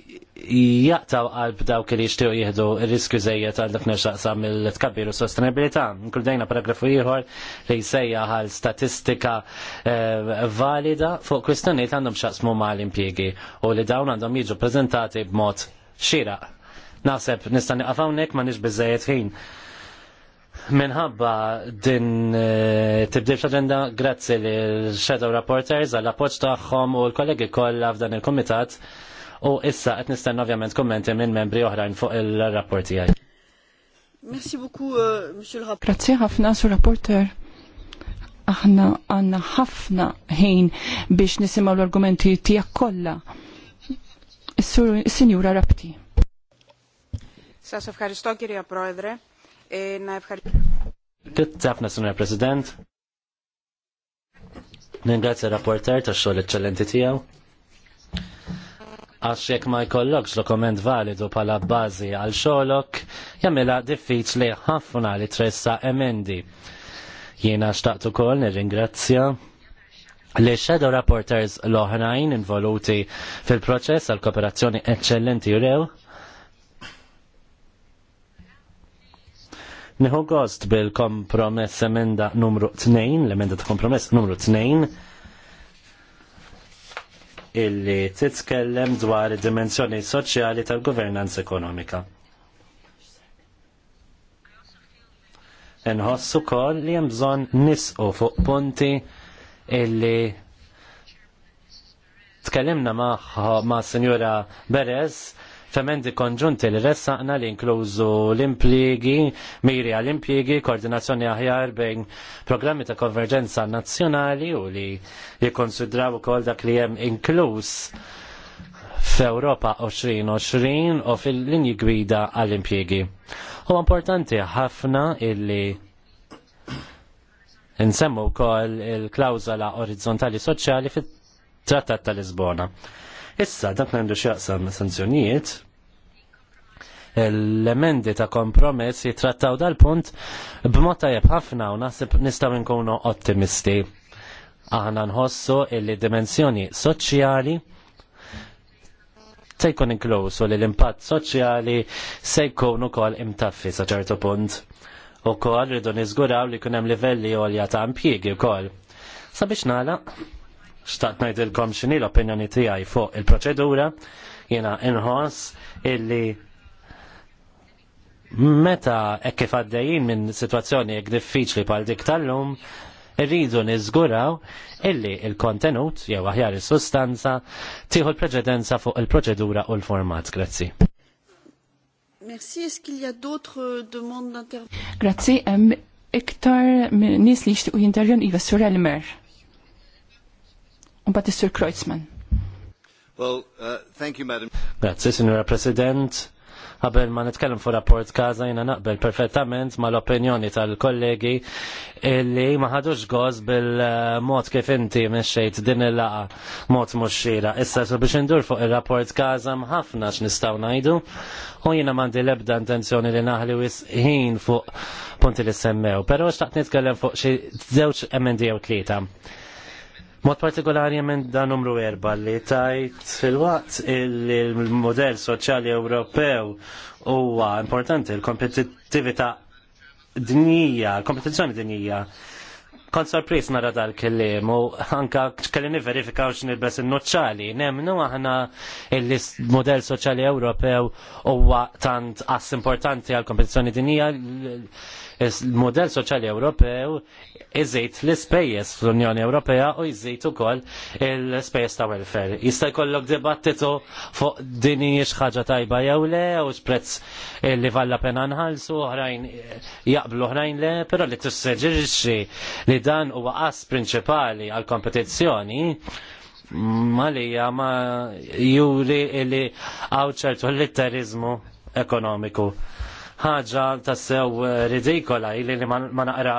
jaqtaw qalb dawk li jixtiequ jieħdu riskju żejjed għal dak nixaqsam mill-tkabbir u sostenibilità. Kull paragrafu ieħor li jsejja għal statistika eh, valida fuq kwistjonijiet għandhom xaqsmu mal-impjiegi u li dawn għandhom jiġu prezentati b'mod xieraq. Naħseb nista' nieqaf hawnhekk m'għandix biżejjed ħin. Minħabba din eh, tibdil fl-agenda, grazzi l-Shadow Rapporters għall appoġġ tagħhom u l-kollegi kollha f'dan il-Kumitat u issa qed nistenna ovvjament kommenti minn membri oħrajn fuq il-rapporti għaj. Merci beaucoup, uh, Monsieur le Rapporteur. Grazie ħafna, Sur Rapporteur aħna għanna ħafna ħin biex nisimaw l-argumenti tijak kolla. Signora Rapti. Sas ευχαριστώ κυρία proedre. Ε, να ευχαριστώ. Grazie, Signora President. Ningrazzja rapporter ta' xogħol eċċellenti tiegħu għax jekk ma jkollokx dokument validu pala bażi għal xolok, jagħmilha diffiċli ħafna li tressa emendi. Jiena xtaqt ukoll nirringrazzja li shadow rapporters l-oħrajn involuti fil-proċess għal kooperazzjoni eccellenti rew. Nħu gost bil-kompromess emenda numru 2, l-emenda ta' kompromess numru 2, illi titkellem dwar id-dimensjoni soċjali tal-governanza ekonomika. Nħossu kol li hemm bżonn nisqu fuq punti illi tkellimna ma' ma' Senjura Beres femendi konġunti li ressaqna li inklużu l-impjiegi, miri għall-impjiegi, koordinazzjoni aħjar bejn programmi ta' konverġenza nazzjonali u li jikkonsidraw ukoll dak li hemm inkluż f'Ewropa 2020 u fil-linji gwida għall-impjiegi. U importanti ħafna illi Nsemmu wkoll il-klawzola orizzontali soċjali fit-Trattat tal Lisbona. Issa dak għandu x'jaqsam sanzjonijiet, l-emendi ta' kompromess jitrattaw dal-punt b'mod tajjeb ħafna u naħseb nistgħu nkunu ottimisti. Aħna nħossu illi dimensjoni soċjali se jkun inkluż u li l-impatt soċjali se jkun ukoll imtaffi sa ċertu punt. Ukoll rridu niżguraw li jkun hemm livelli għolja ta' impjiegi wkoll. Sabiex nagħlaq Xtaqt ngħidilkom x'inhi l-opinjoni tiegħi fuq il-proċedura jiena inħoss illi meta hekk kif għaddejjin minn sitwazzjoni hekk diffiċli bħal dik tal-lum, irridu niżguraw illi il-kontenut jew aħjar is-sustanza tieħu l-preċedenza fuq il-proċedura u l-format. Grazzi. Merci, est-ce qu'il y a d'autres demandes d'intervention Grazzi, hemm iktar nies li jixtiequ jintervjon Iva Sur Elmer u bat is-Sur Kreuzmann. Well, uh, thank you, Madam. Grazie, Signora President. Qabel ma nitkellem fuq rapport kaza jina naqbel perfettament ma l-opinjoni tal-kollegi illi ma ħadux goz bil-mod kif inti meċċejt din il-laqa mod muxxira. Issa so biex indur fuq ir-rapport kaza mħafna x-nistaw ngħidu u jiena m'għandi l-ebda intenzjoni li naħli ħin fuq punti li semmew. Però xtaqt nitkellem fuq xie zewċ emendi jew tlieta. Mod partikolari dan numru erba li tajt fil-waqt il model soċjali Ewropew huwa importanti l-kompetittività dinija, l-kompetizzjoni dinija. Kont sorpris nara dal-kellim u anka kellini verifika u x'nilbes in-noċċali. Nemmnu aħna il model soċjali Ewropew huwa tant ass importanti għal kompetizzjoni dinija il-modell soċjali Ewropew iżid l-ispejjeż fl-Unjoni Ewropea u jżid ukoll l-ispejjeż ta' welfare. Jista' jkollok dibattitu fuq din hijiex ħaġa tajba jew le u x'prezz li valla pena nħallsu, oħrajn jaqblu oħrajn le, però li tissuġġerixxi li dan huwa qas prinċipali għall kompetizzjoni malija ma juri li għaw ċertu l-litterizmu ekonomiku ħaġa tassew ridikola li li ma naqra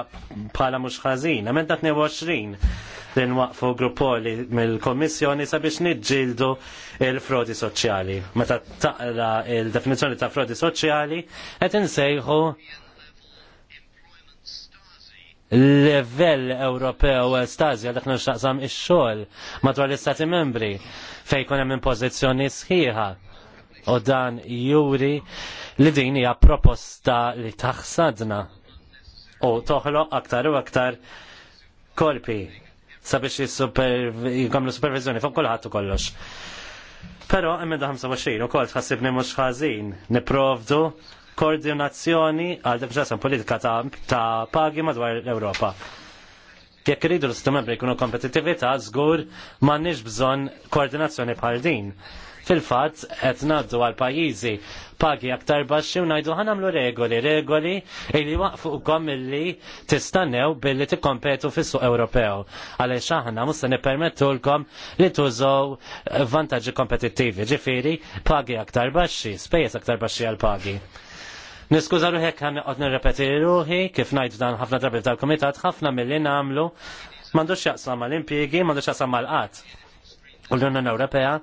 bħala mhux ħażin. ta' 22 li nwaqfu gruppoli mill komissjoni sabiex niġġieldu il-frodi soċjali. Meta taqra il-definizzjoni ta' frodi soċjali qed insejħu level Ewropew stazi għal daħna xaqsam ix-xogħol madwar l-Istati Membri fejn hemm impożizzjoni sħiħa u dan juri li din hija proposta li taħsadna u toħloq aktar u aktar korpi sabiex jgħamlu supervizjoni fuq kulħadd u kollox. Però emenda 25 ukoll tħassibni mhux ħażin nipprovdu koordinazzjoni għal deċessa politika ta' pagi madwar l-Ewropa. Jekk iridu l-istimembri jkunu kompetitività, żgur m'għandniex bżonn koordinazzjoni bħal din fil-fatt qed ngħaddu għal pajjiżi pagi aktar baxxi u ngħidu ħanamlu regoli, regoli li waqfukom illi tistannew billi tikkompetu fis-suq Ewropew. Għaliex aħna mhux se nippermettulkom li tużow vantaġġi kompetittivi, ġifieri pagi aktar baxxi, spejjeż aktar baxxi għal pagi. Niskuza ruħek għan għod nirrepeti ruħi, kif najdu dan ħafna drabi tal-komitat, ħafna mill-li namlu, mandux jaqsam mal-impiegi, mandux jaqsam mal-qat. U l-Unjoni Ewropea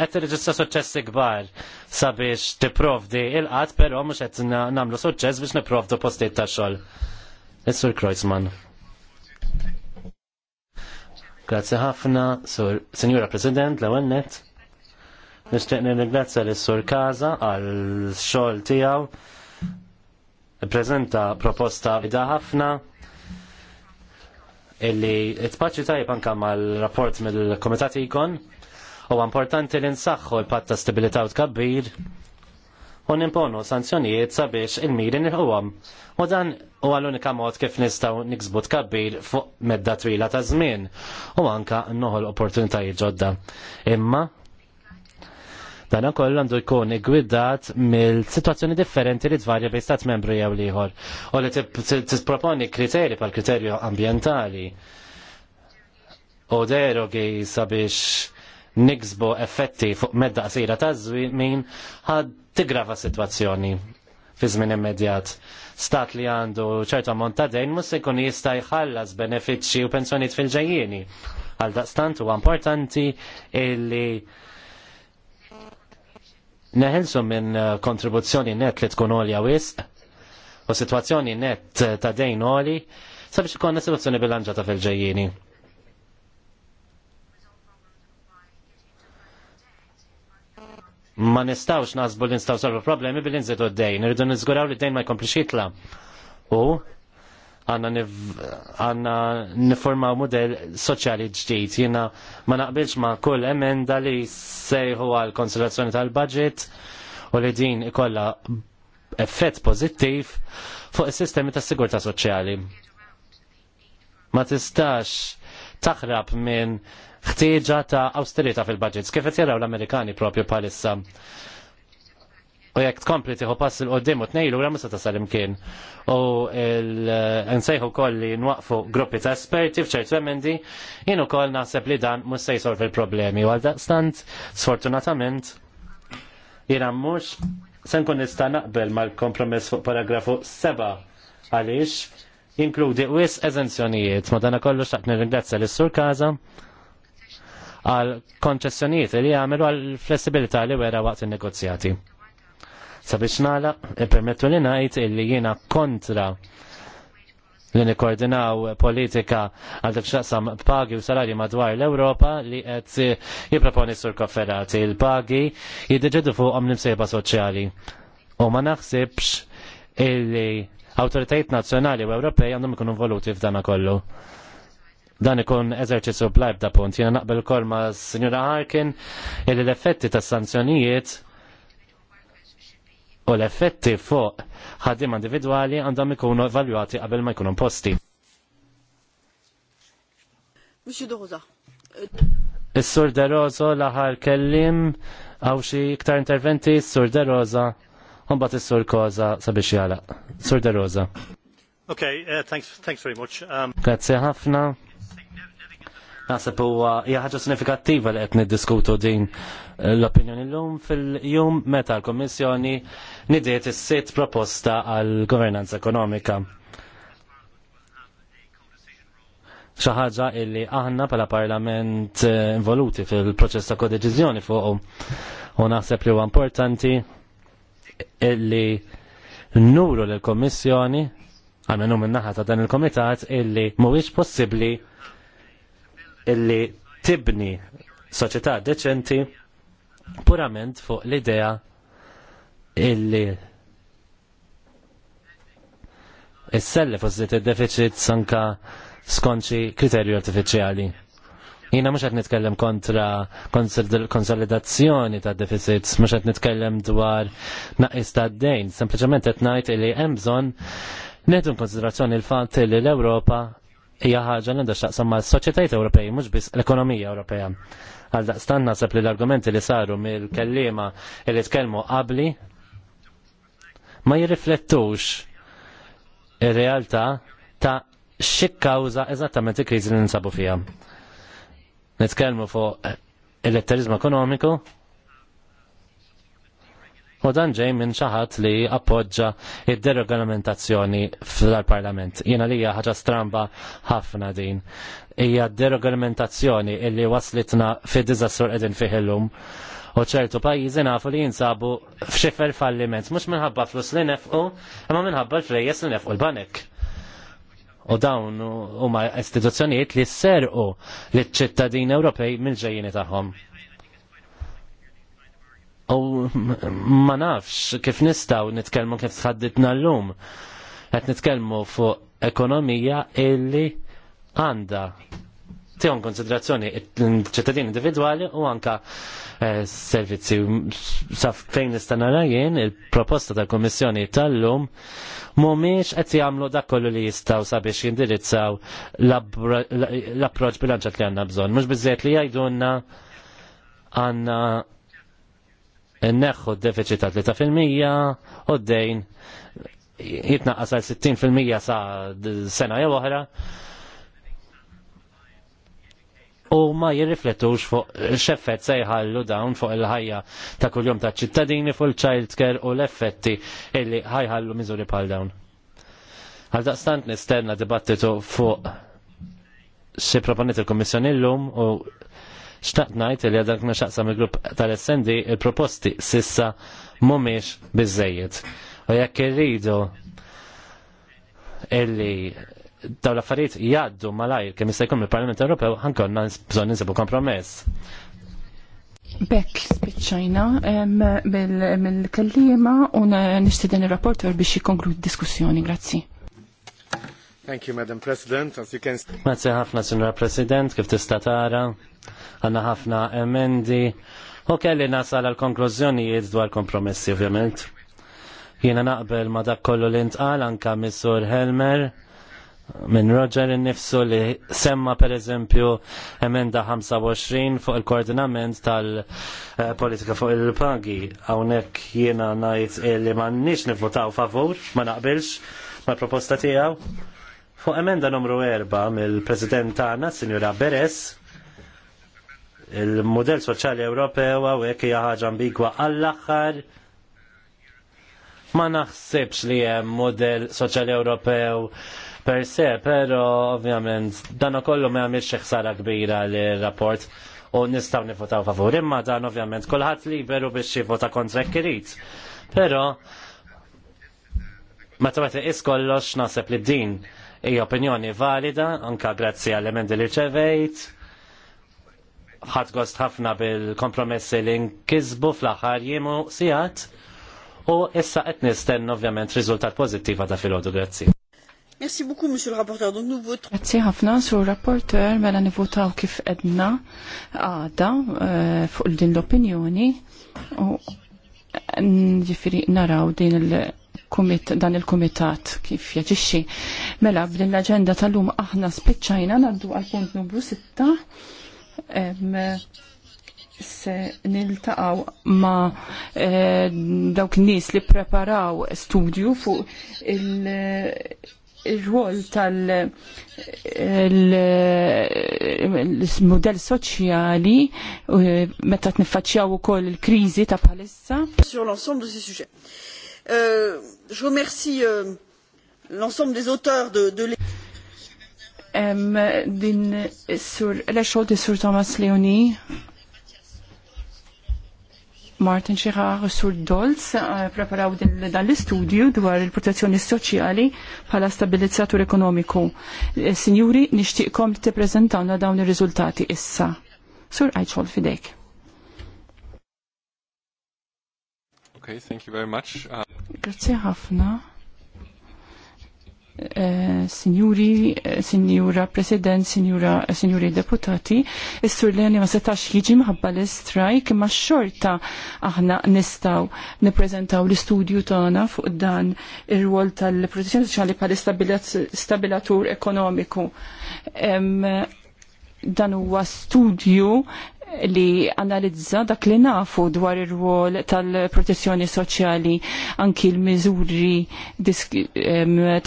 għet irreġistra suċċessi kbar sabiex tipprovdi il-qatt, però mhux qed nagħmlu suċċess biex nipprovdu postiet ta' xogħol. Is-Sur Kreuzmann. Grazzi ħafna, Sur Sinjura President l-ewwel nett. Nixtieq nirringrazzja lis-Sur Kaza għal xogħol tiegħu. Prezenta proposta ida ħafna illi it-paċi tajib anka mal-rapport mill komitati Ikon U importanti li nsaħħu l-patta stabilità u tkabbir u nimponu sanzjonijiet sabiex il-miri nilħuhom. U dan huwa l-unika mod kif nistgħu niksbu tkabbir fuq medda twila ta' żmien u anka l opportunitajiet ġodda. Imma dan ukoll għandu jkun igwiddat mill-sitwazzjoni differenti li tvarja bejn stat membru jew ieħor u li tipproponi kriterji pal kriterju ambjentali u derogi sabiex niksbu effetti fuq medda qasira ta' żmien ħad tigrava situazzjoni fi żmien immedjat. Stat li għandu ċertu ammont ta' dejn mhux se jkun jista' jħallas benefiċċji u pensjonijiet fil-ġejjieni. Għal daqstant huwa importanti illi neħelsu minn kontribuzzjoni net li tkun olja wisq u situazzjoni net ta' dejn oli sabiex ikonna situazzjoni bilanċata fil-ġejjieni. ma nistawx nasbu li nistaw solvu problemi billi nżidu d-dejn, irridu nizguraw li d-dejn ma jkomplix xitla. U għanna niformaw model soċjali ġdijt, jina ma naqbilx ma kull emenda li sejħu għal konsiderazzjoni tal-budget u li din ikolla effett pozittiv fuq is-sistemi tas-sigurtà soċjali. Ma tistax taħrab minn ħtieġa ta' austerita fil-budgets. Kif qed jaraw l-Amerikani propju bħalissa. U jekk tkompli tieħu pass il qoddim u tnejlu ra mista tasal imkien. U nsejħu li nwaqfu gruppi ta' esperti f'ċert emendi, jien ukoll naħseb li dan mhux se jsolvi l-problemi. U għaldaqstant, sfortunatament, jiena mhux se nkun nista' naqbel mal-kompromess fuq paragrafu 7 għaliex jinkludi jess eżenzjonijiet. Madana kollu xaqt nirringrazzja l sur Kaza għal konċessjonijiet li għamilu għal flessibilità li wera waqt il-negozjati. Sabiex nala, permettu li najt illi jiena kontra li nikkoordinaw politika għal dak xaqsam pagi u salari madwar l-Ewropa li qed jipproponi sur kofferati il-pagi jiddeġedu fuqhom l-imsejba soċjali. U ma naħsibx illi Awtoritajiet nazzjonali u Ewropej għandhom ikunu involuti f'dana kollu. Dan ikun eżerċizzju bl da punt. Jena naqbel kol ma' Sinjura Harkin illi l-effetti tas sanzjonijiet u l-effetti fuq ħaddim individwali għandhom ikunu evalwati qabel ma jkunu posti. Mixi doħza. Is-sur de Rosa laħar kellim għaw xi iktar interventi, is-sur de Rosa. Mbagħad is-sur Koza sabiex jalaq. Sur De Rosa. Okay, uh, thanks, thanks very much. Um... Grazie ħafna. Naħseb huwa hija ħaġa sinifikattiva li qed niddiskutu din uh, l-opinjoni llum fil-jum meta l kummissjoni nidiet is-sitt proposta għall governanza ekonomika. Xi ħaġa illi aħna bħala Parlament uh, involuti fil-proċess ta' kodeċiżjoni fuq u naħseb li huwa importanti illi nuru l-Komissjoni, għamenu minnaħa ta' dan il-Komitat, illi mhuwiex possibbli illi tibni soċjetà deċenti purament fuq l-idea illi is sellef fużiet id-deficit sanka skonċi kriterju artifiċjali. Jina mux għet nitkellem kontra konsolidazzjoni ta' deficits, mux għet nitkellem dwar naqis ta' d-dejn, sempliciment għet najt li jemżon n konsiderazzjoni l-fat li l-Europa hija ħaġa l-għandha xtaqsam ma' soċjetajt Ewropej, mux biss l-ekonomija Ewropeja. Għal daqstan nasab li l-argumenti li saru mill-kellima li tkellmu qabli ma jirriflettux ir-realtà ta' xi kawża eżattament il-kriżi li ninsabu fiha nitkellmu fuq il-letterizmu ekonomiku U dan ġej minn xaħat li appoġġa id-deregolamentazzjoni fl-Parlament. Jena li ħaġa stramba ħafna din. Hija deregolamentazzjoni illi waslitna fid diżastru qegħdin fih illum. U ċertu pajjiżi nafu li jinsabu f'xifer falliment, mhux minħabba flus li nefqu, imma minħabba l frejjes li nefqu l-banek. U dawn huma istituzzjonijiet li sserqu liċ ċittadin Ewropej mill-ġejjini tagħhom. U ma nafx kif nistgħu nitkellmu kif tħaddidna llum. Qed nitkellmu fuq ekonomija illi għandha tiegħu konsiderazzjoni ċittadini individwali u anka eh, servizzi saf fejn nista' nara jien il-proposta tal-Kummissjoni tal-lum mhumiex qed jagħmlu dak kollu li jistgħu sabiex jindirizzaw l-approċċ bilanċat li għandna bżonn. Mhux biżżejjed li jgħidulna għandna neħħu d-deficit ta' 3% u d-dejn jitnaqqas għal 60% sa' sena jew oħra u ma jirriflettux fuq x'effett se jħallu dawn fuq il-ħajja ta' kuljum ta' ċittadini fuq il-child care u l-effetti illi ħajħallu miżuri bħal dawn. Għal daqstant nistenna dibattitu fuq xi proponiet il l-lum u xtaqt ngħid li għadak naxaqsam il-grupp tal-SND il-proposti sissa mhumiex bizzejiet. U jekk irridu illi daw l-affarijiet jgħaddu malajr kemm jista' jkun mill-Parlament Ewropew ħankonna bżonn insibu kompromess. Bekk spiċċajna mill-kellima u nixtieden ir-rapporter biex jikkonkludi diskussjoni. Grazzi. Thank you, Madam President. As you can see... Mazzi ħafna, Sinra President, kif tista' tara. Għanna ħafna emendi. U kelli nasal għal konklużjonijiet dwar kompromessi, ovvjament. Jiena naqbel ma dak kollu li ntqal anka Missur Helmer minn Roger innifsu li semma per eżempju emenda 25 fuq il-koordinament tal-politika fuq il-pagi. Hawnhekk jiena ngħid li m'għandniex nifvotaw favur, ma naqbilx mal proposta tiegħu. Fuq emenda numru 4 mill-President tagħna, Signora Beres, il-modell soċjali Ewropew hawnhekk hija ħaġa ambigwa għall-aħħar ma naħsibx li hemm modell soċjali Ewropew per se, pero ovvjament dan kollu ma jagħmilx xi ħsara kbira li rapport u nistgħu nivotaw favur. Imma dan ovvjament kulħadd liberu biex jivota kontra kirit. Pero ma tagħmel is kollox naħseb li din hija opinjoni valida anka grazzi għall emendi li ċevejt, ħat gost ħafna bil-kompromessi li nkisbu fl-aħħar jiemu sigħat u issa qed nistenn ovvjament riżultat pożittiva ta' filgħodu grazzi. Merci beaucoup, monsieur le rapporteur. Donc, nous votons. Merci, ħafna, sur rapporteur, mela nivotaw kif edna għada eh, fuq din l-opinjoni. U ġifiri naraw din il dan il-kumitat kif jaġixxi. Mela, b'din l-agenda tal-lum aħna spiċċajna naddu għal-punt numru 6. Se niltaqaw ma eh, dawk nis li preparaw studju fuq il- il-rwol tal il-model soċjali eh, meta tnifaċċjaw ukoll il-kriżi ta' palissa. Sur l'ensemble de ces sujets. Euh, je remercie euh, l'ensemble des auteurs de, de Em, din sur l-exol sur Thomas Leoni Martin Xirħar u Sur Dolz eh, preparaw dan l-istudju dwar il-protezzjoni soċjali bħala stabilizzatur ekonomiku. Eh, Sinjuri, nixtieqkom t prezentawna dawn ir-riżultati issa. Sur Aċol Fidek. Okay, thank you very much. Uh, Grazie ħafna. Eh, signori, eh, Signora president, Signora, eh, Signori deputati, istur sur Leni ma setax jiġi mħabba l-strajk imma xorta aħna nistaw neprezentaw l-istudju tagħna fuq dan ir-rwol tal-protezzjoni soċjali pal stabilatur ekonomiku dan huwa studju li analizza dak li nafu dwar ir wol tal-protezzjoni soċjali anki l-miżuri disk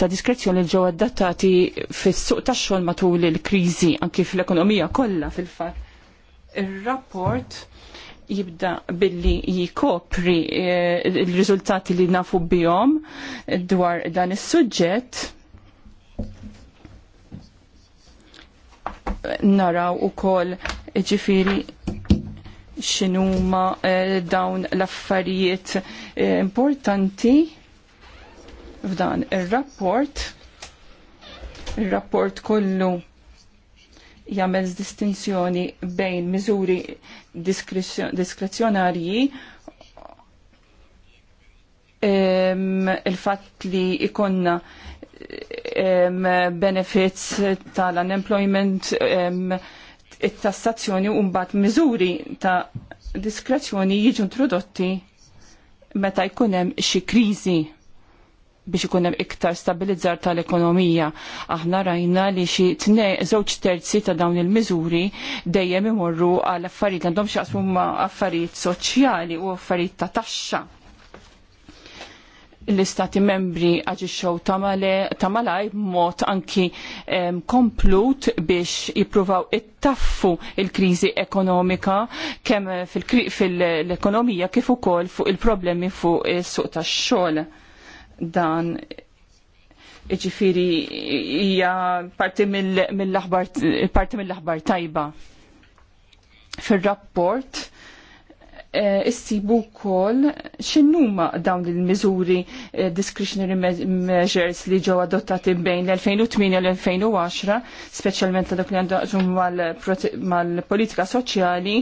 ta' diskrezzjoni li ġew adattati fis-suq tax-xogħol matul il-kriżi anki fl-ekonomija kollha fil-fatt. Ir-rapport jibda billi jikopri l eh, il-riżultati li nafu bihom dwar dan is-suġġett naraw u kol ġifiri xinuma eh, dawn l-affarijiet eh, importanti f'dan il-rapport. Il-rapport kollu jagħmel distinzjoni bejn miżuri diskrezjonarji ehm, il-fatt li ikonna benefits tal-unemployment it-tassazzjoni u mbagħad miżuri ta' diskrezzjoni jiġu introdotti meta jkun hemm xi kriżi biex ikun hemm iktar stabilizzar tal-ekonomija. Aħna rajna li xi żewġ terzi ta' dawn il-miżuri dejjem imorru għal affarijiet għandhom x'jaqsmu ma' affarijiet soċjali u affarijiet ta' taxxa l-istati membri aġiċċew tamalaj b'mod anki um, komplut biex jippruvaw ittaffu il-kriżi ekonomika kemm fil-ekonomija fil kif ukoll fuq il-problemi fuq is-suq il tax-xogħol. Dan iġifiri hija parti mill-aħbar parti mill-aħbar tajba. Fir-rapport Eh, issibu wkoll x'inhuma dawn il-miżuri eh, discretionary measures li ġew adottati bejn l-2008 u l-2010, speċjalment dak li għandu mal-politika soċjali,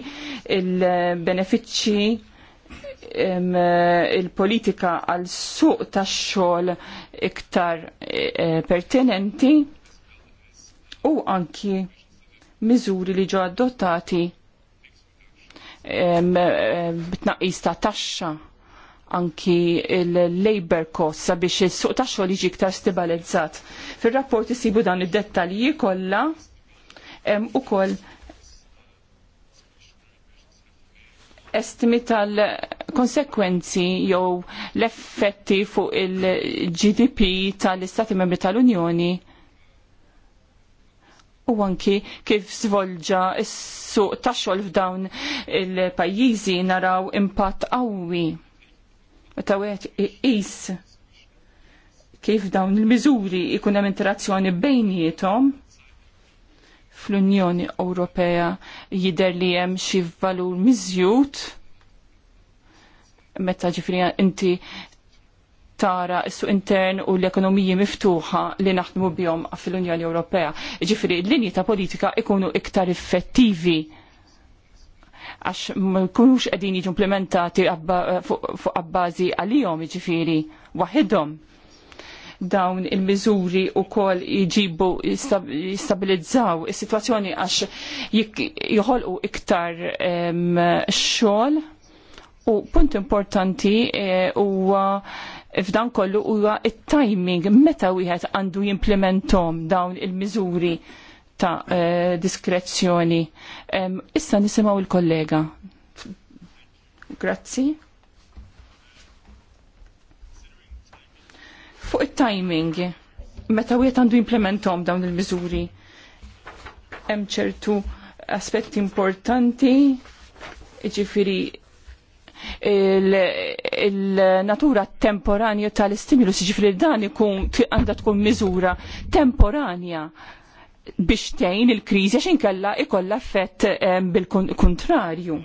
il-benefiċċji eh, il-politika għal suq tax xogħol iktar pertinenti u anki miżuri li ġo adottati bitnaqis ta' taxxa anki il-labor cost sabiex il-suq ta' xogħol jiġi iktar stibalizzat. Fir-rapport isibu dan id-dettalji kollha hemm ukoll estimi tal-konsekwenzi jew l-effetti fuq il-GDP tal-Istati Membri tal-Unjoni u anki kif svolġa s-suq taxol xogħol f'dawn il-pajjiżi naraw impatt qawwi. Meta wieħed iqis kif dawn il-miżuri ikun hemm interazzjoni bejniethom fl-Unjoni Ewropea jidher li hemm xi valur miżjud meta ġifri inti tara s-suq intern u l-ekonomiji miftuħa li naħdmu bjom fil-Unjoni Ewropea. Ġifiri, l-linji ta' politika ikunu iktar effettivi għax ma jkunux qegħdin jiġu implementati fuq abbażi għalihom ġifiri waħidhom dawn il-miżuri u kol jġibu jistabilizzaw is-sitwazzjoni għax jħolqu iktar xogħol u punt importanti eh, huwa e, f'dan kollu huwa it-timing meta wieħed għandu jimplementom dawn il-miżuri ta' eh, diskrezzjoni. Um, issa nisimgħu il-kollega. Grazzi. Fuq it-timing, meta wieħed għandu jimplementom dawn il-miżuri, hemm ċertu aspetti importanti, ġifiri il-natura temporanja tal-istimulus, ġifri dan ikun għandha tkun miżura temporanja biex tgħin il-kriżi għax inkella ikolla effett ehm, bil-kontrarju.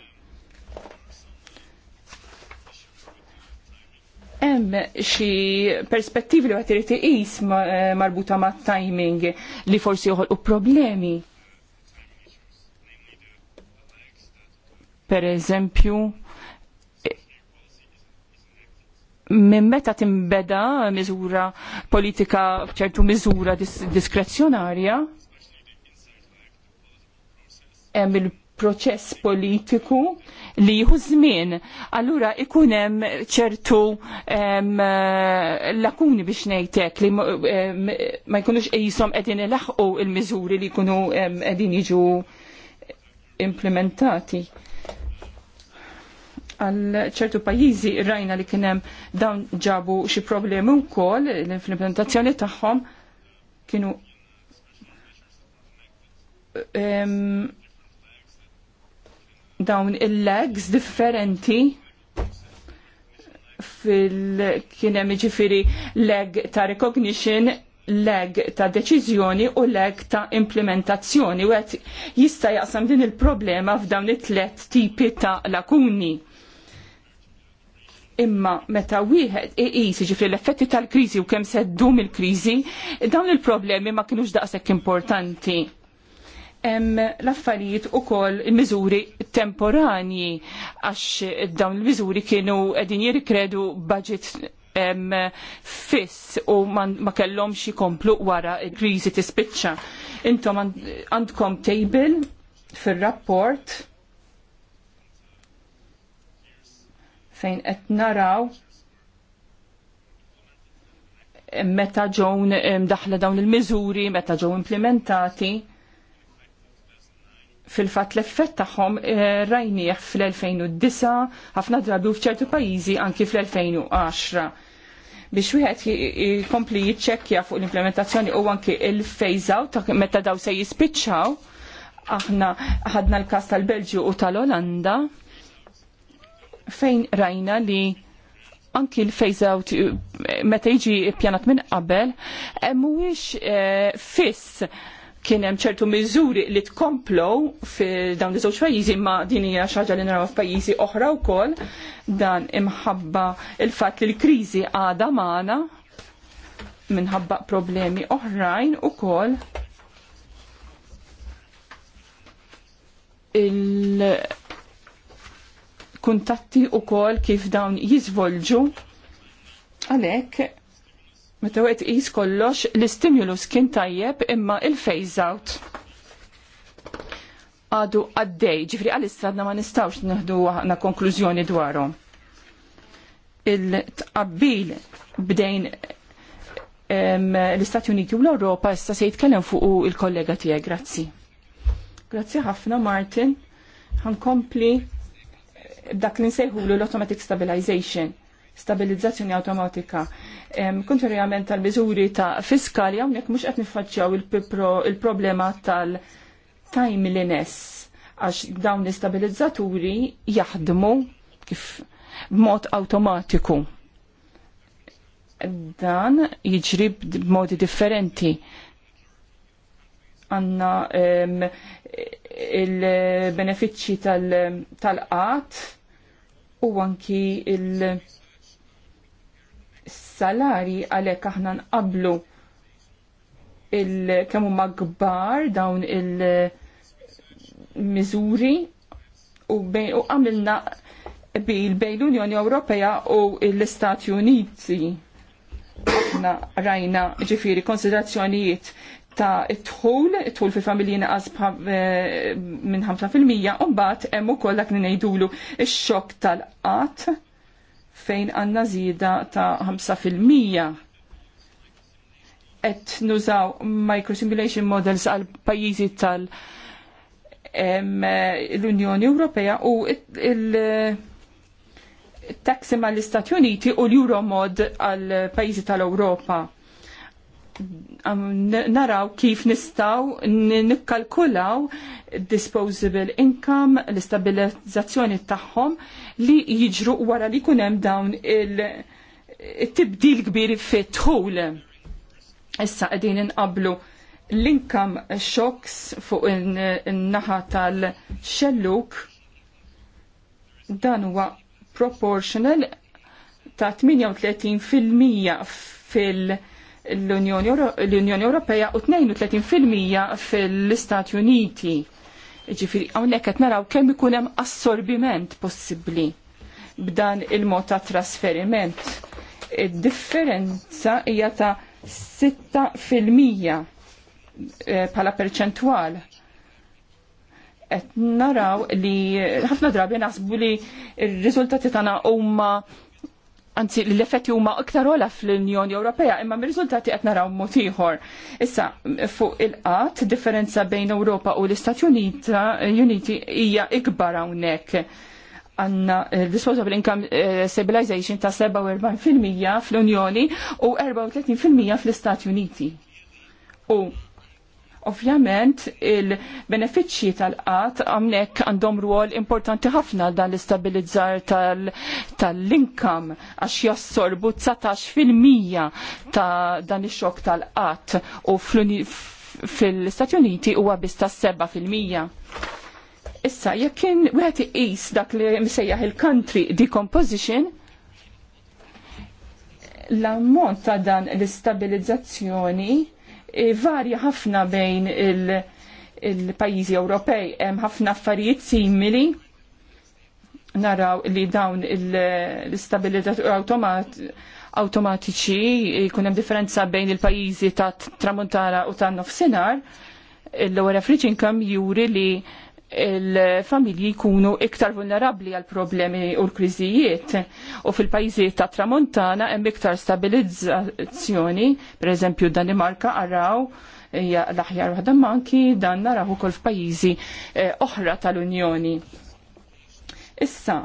Hemm xi perspettivi li qed irid iqis eh, marbuta mat-timing li forsi joħolqu problemi. Per eżempju, minn meta timbeda miżura politika bċertu miżura dis diskrezzjonarja hemm il-proċess politiku li jieħu żmien, allura ikun hemm ċertu lakuni biex ngħidlek li ma jkunux qishom qegħdin ilaħqu il-miżuri li jkunu qegħdin jiġu implementati għal ċertu pajjiżi rajna li kienem dawn ġabu xi problemi wkoll l-implementazzjoni tagħhom kienu dawn il-legs differenti fil kienem ġifiri leg ta' recognition leg ta' deċiżjoni u leg ta' implementazzjoni u għet jista' jaqsam din il-problema f'dawn it-tlet tipi ta' lakuni imma meta wieħed iqis ġifri l-effetti tal-kriżi u kemm seddu mill-kriżi, dawn il-problemi ma kienux daqshekk importanti. L-affarijiet u koll miżuri temporani għax dawn il-miżuri kienu edin jirikredu budget fiss u ma kellhom xi komplu wara il-kriżi tispiċċa. Intom għandkom table fir-rapport fejn qed naraw meta ġew daħla dawn il-miżuri, meta ġew implementati, fil-fat l-effett tagħhom eh, rajnieh fl-2009, ħafna drabi f'ċertu pajjiżi anki fl-2010. Biex wieħed jkompli jiċċekkja fuq l-implementazzjoni u anki l phase out meta daw se jispiċċaw, aħna ħadna l-kas tal-Belġju u tal-Olanda, fejn rajna li anki l-phase out eh, meta jiġi pjanat minn qabel eh, mhuwiex eh, fiss kien hemm ċertu miżuri li tkomplow f'dawn iż-żewġ pajjiżi ma din hija xi ħaġa li naraw f'pajjiżi oħra wkoll dan imħabba il-fatt li l-kriżi għadha magħna minħabba problemi oħrajn ukoll il kuntatti u kol kif dawn jizvolġu. Għalek, meta għet jis kollox, l-stimulus kien tajjeb imma il-phase out għadu għaddej, ġifri għal-istradna ma nistawx nħdu għana konklużjoni dwarom. Il-tqabbil bdejn l-Istati Uniti u l-Europa issa se jitkellem fuq il-kollega tiegħek, grazzi. Grazzi ħafna Martin, kompli dak li nsejħulu l-automatic stabilization stabilizzazzjoni automatika. Kontrarjament tal-miżuri ta' fiskali hawnhekk mhux qed niffaċċjaw il-problema tal-timeliness għax dawn l-istabilizzaturi jaħdmu kif b'mod automatiku. Dan jiġri b'modi differenti. Għanna il-benefiċċji tal-qat, tal u anki il-salari għalhekk aħna nqablu il-kemm huma kbar dawn il-miżuri u għamilna bil bejn l-Unjoni Ewropea u l-Istati Uniti. Aħna rajna ġifiri konsiderazzjonijiet ta' it-tħul, it-tħul fil familji naqas e, minn 5% u mbagħad hemm ukoll dak li ngħidulu ix-xokk tal qat fejn għandna żieda ta' 5% qed nużaw microsimulation models għal pajjiżi tal l-Unjoni Ewropea u il-taxi mal istati Uniti u l-Euromod għal pajjiżi tal-Ewropa naraw kif nistaw nikkalkulaw disposable income, l-istabilizzazzjoni tagħhom li jiġru wara li kun hemm dawn il-tibdil kbir fit tħul. Issa qegħdin inqablu l-income shocks fuq in-naħa tal-xelluk dan huwa proportional ta' 38% fil-, -fil l-Unjoni Ewropea u 32% fil-Istati Uniti. Ġifiri, għawnek qed naraw kemm ikun hemm assorbiment possibbli b'dan il-mod ta' trasferiment. Id-differenza hija ta' 6% eh, bħala perċentwal qed naraw li ħafna drabi nasbu li r-riżultati tagħna huma anzi l-effetti huma iktar ola fl-Unjoni Ewropea, imma mir-riżultati qed naraw mod ieħor. Issa fuq il-qatt differenza bejn Ewropa u l-Istati Uniti hija ikbar hawnhekk għanna eh, disposable income eh, stabilization ta' 47% fil-mija fl-Unjoni u 34% fil-Istati Uniti. U Ovvjament, il-benefiċċji tal-qat għamnek għandhom ruol importanti ħafna dan l-istabilizzar tal-inkam għax jassorbu 19% ta' dan ix-xok tal-qat u fil-Stati Uniti huwa biss ta' 7%. Issa, jekk kien wieħed iqis dak li msejjaħ il-country decomposition, l-ammont ta' dan l-istabilizzazzjoni E, varja ħafna bejn il-pajjiżi il Ewropej, hemm ħafna affarijiet simili naraw li dawn l-istabilità automat automatiċi e, jkun hemm differenza bejn il-pajjiżi ta' tramuntara u ta' nofsinhar, l-lower average income juri li il-familji jkunu iktar vulnerabli għal problemi u l-kriżijiet. U fil-pajjiżiet ta' tramontana hemm iktar stabilizzazzjoni, per eżempju Danimarka araw l-aħjar waħda manki dan naraw ukoll f'pajjiżi eh, oħra tal-Unjoni. Issa,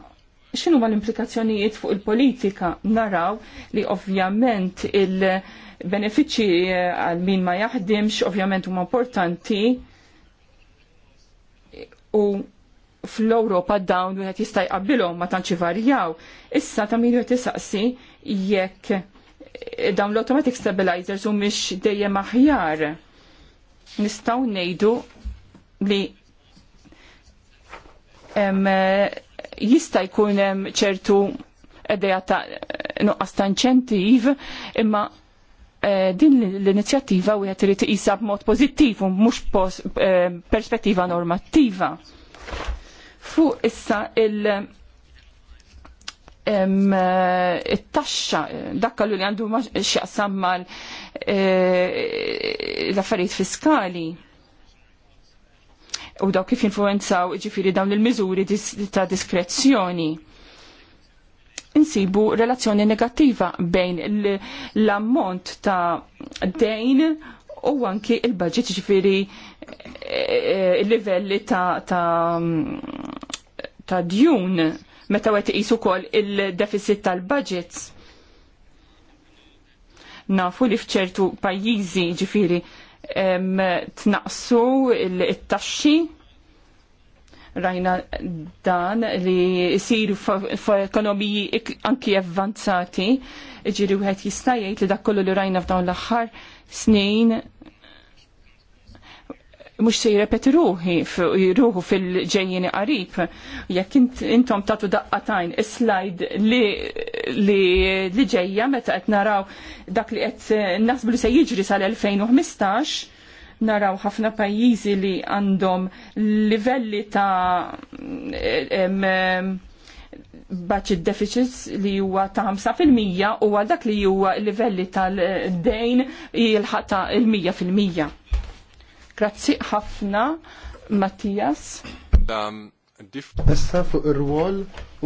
x'inhu l-implikazzjonijiet fuq il-politika naraw li ovvjament il benefiċċji eh, għal min ma jaħdimx ovvjament huma importanti u fl-Europa dawn wieħed jista' jqabbilhom ma tantx varjaw. Issa ta' min qed isaqsi jekk dawn l-automatic stabilizers u mhix dejjem aħjar. Nistgħu ngħidu li jista' jkun hemm ċertu edeja ta' nuqqas no, ta' inċentiv imma Eh, din l-inizjattiva wieħed irid tqisha b'mod pożittiv u mhux eh, perspettiva normattiva. Fuq issa il- eh, it-taxxa dakka li għandu x'jaqsam mal l-affarijiet fiskali u daw kif influenzaw ġifiri dawn il-miżuri ta' diskrezzjoni insibu relazzjoni negattiva bejn l-ammont ta' dejn u anki il-budget ġifiri eh, eh, il-livelli ta', ta, ta djun meta għet jisu kol il-deficit tal-budget. Nafu li fċertu pajjiżi ġifiri tnaqsu il-taxxi Rajna dan li jisiru f'ekonomiji anki avvanzati, ġiri għet jista' jgħid li dak kollu li rajna f'dawn l-aħħar snin mux se jirepet ruħi, ruħu fil-ġejjeni qarib. Jekk intom tatu daqqatajn slide li, li, li ġejja meta qed naraw dak li qed nasbu li se jiġri sal-2015, naraw ħafna pajjiżi li għandhom livelli ta' budget deficits li huwa ta' 5% u għal dak li huwa livelli tal-dejn jilħaq ta' 100 Grazzi ħafna, Mattias. Um, Issa fuq ir-rwol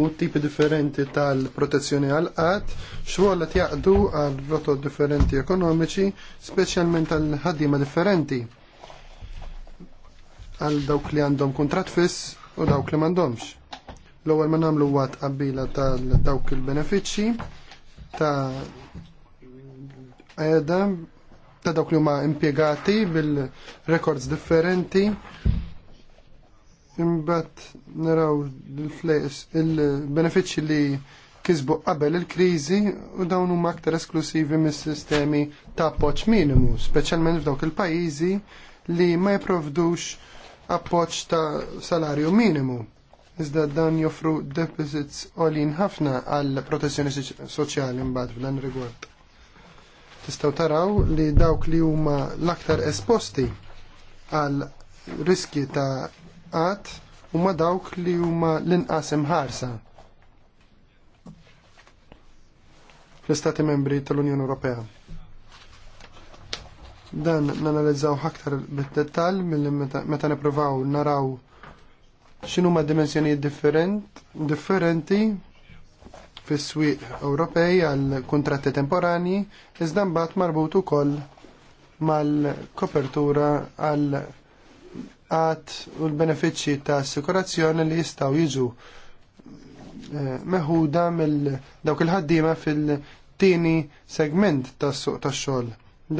u tipi differenti tal-protezzjoni għal qatt xogħol qed jaqdu għal rotot differenti ekonomiċi, speċjalment għal ħaddiema differenti għal dawk li għandhom kontrat fiss u dawk li m'għandhomx. L-ewwel ma nagħmlu huwa qabbila tal-dawk il-benefiċċji ta' qiegħda ta' dawk li huma impjegati bil-records differenti Imbagħad naraw il-benefiċċji li kisbu qabel il-kriżi u dawn huma aktar esklusivi mis-sistemi ta' appoġġ minimu, speċjalment f'dawk il-pajjiżi li ma jipprovdux appoġġ ta' salarju minimu iżda dan joffru deposits għolin ħafna għal protezzjoni soċjali mbagħad f'dan rigward. Tistgħu taraw li dawk li huma l-aktar esposti għal riski ta' għat huma dawk li huma l-inqas imħarsa. L-Istati membri tal-Unjoni Ewropea. Dan nanalizzaw aktar bit-dettall milli meta nippruvaw naraw x'inhu ma dimensjonijiet different, differenti fis-swieq Ewropej għal kuntratti temporani iżda mbagħad marbut ukoll mal-kopertura -kopertura għal għat u l-benefiċċji ta' assikurazzjoni li jistaw jiġu eh, meħuda mill dawk il-ħaddima fil-tieni segment tas suq tax-xogħol.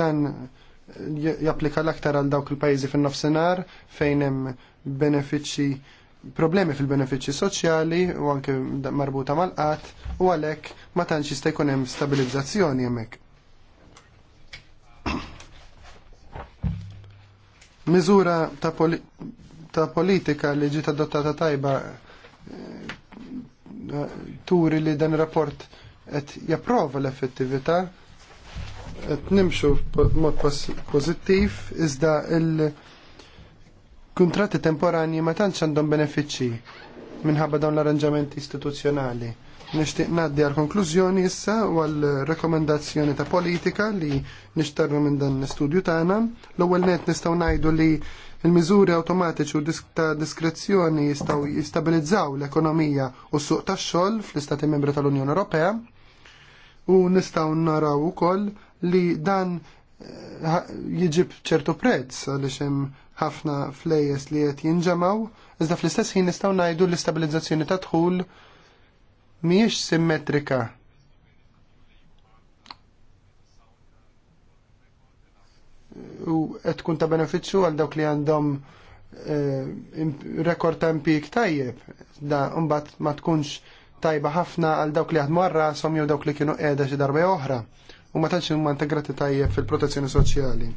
Dan eh, japplika l-aktar għal dawk il-pajjiżi fin-nofsinhar fejn hemm problemi fil-benefiċċji soċjali u anke marbuta mal-qatt u għalhekk ma tantx jista' jkun hemm stabilizzazzjoni hemmhekk. Miżura ta', poli ta politika li ġiet adottata tajba eh, turi li dan rapport qed japprova l-effettività qed nimxu b'mod pożittiv iżda il- kuntratti temporani ma tantx għandhom benefiċċji minħabba dawn l-arranġamenti istituzzjonali. Nixtieq ngħaddi għal konklużjoni issa u għal rekomendazzjoni ta' politika li nishtarru minn dan l-istudju tagħna. L-ewwel net nistgħu ngħidu li il-miżuri awtomatiċi u ta' diskrezzjoni jistgħu jistabilizzaw l-ekonomija u s-suq tax-xogħol fl-Istati Membri tal-Unjoni Ewropea u nistgħu naraw ukoll li dan eh, jiġib ċertu prezz għaliex hemm ħafna flejes li qed jinġamaw, iżda fl-istess ħin nistgħu ngħidu l-istabilizzazzjoni ta' dħul mhijiex simmetrika. U qed tkun ta' benefiċċju għal dawk li għandhom e, rekord ta' impik tajjeb, da mbagħad ma tkunx tajba ħafna għal dawk li għadmu għarra, jew dawk li kienu qiegħda xi darba oħra u ma tantx huma integrati tajjeb fil-protezzjoni soċjali.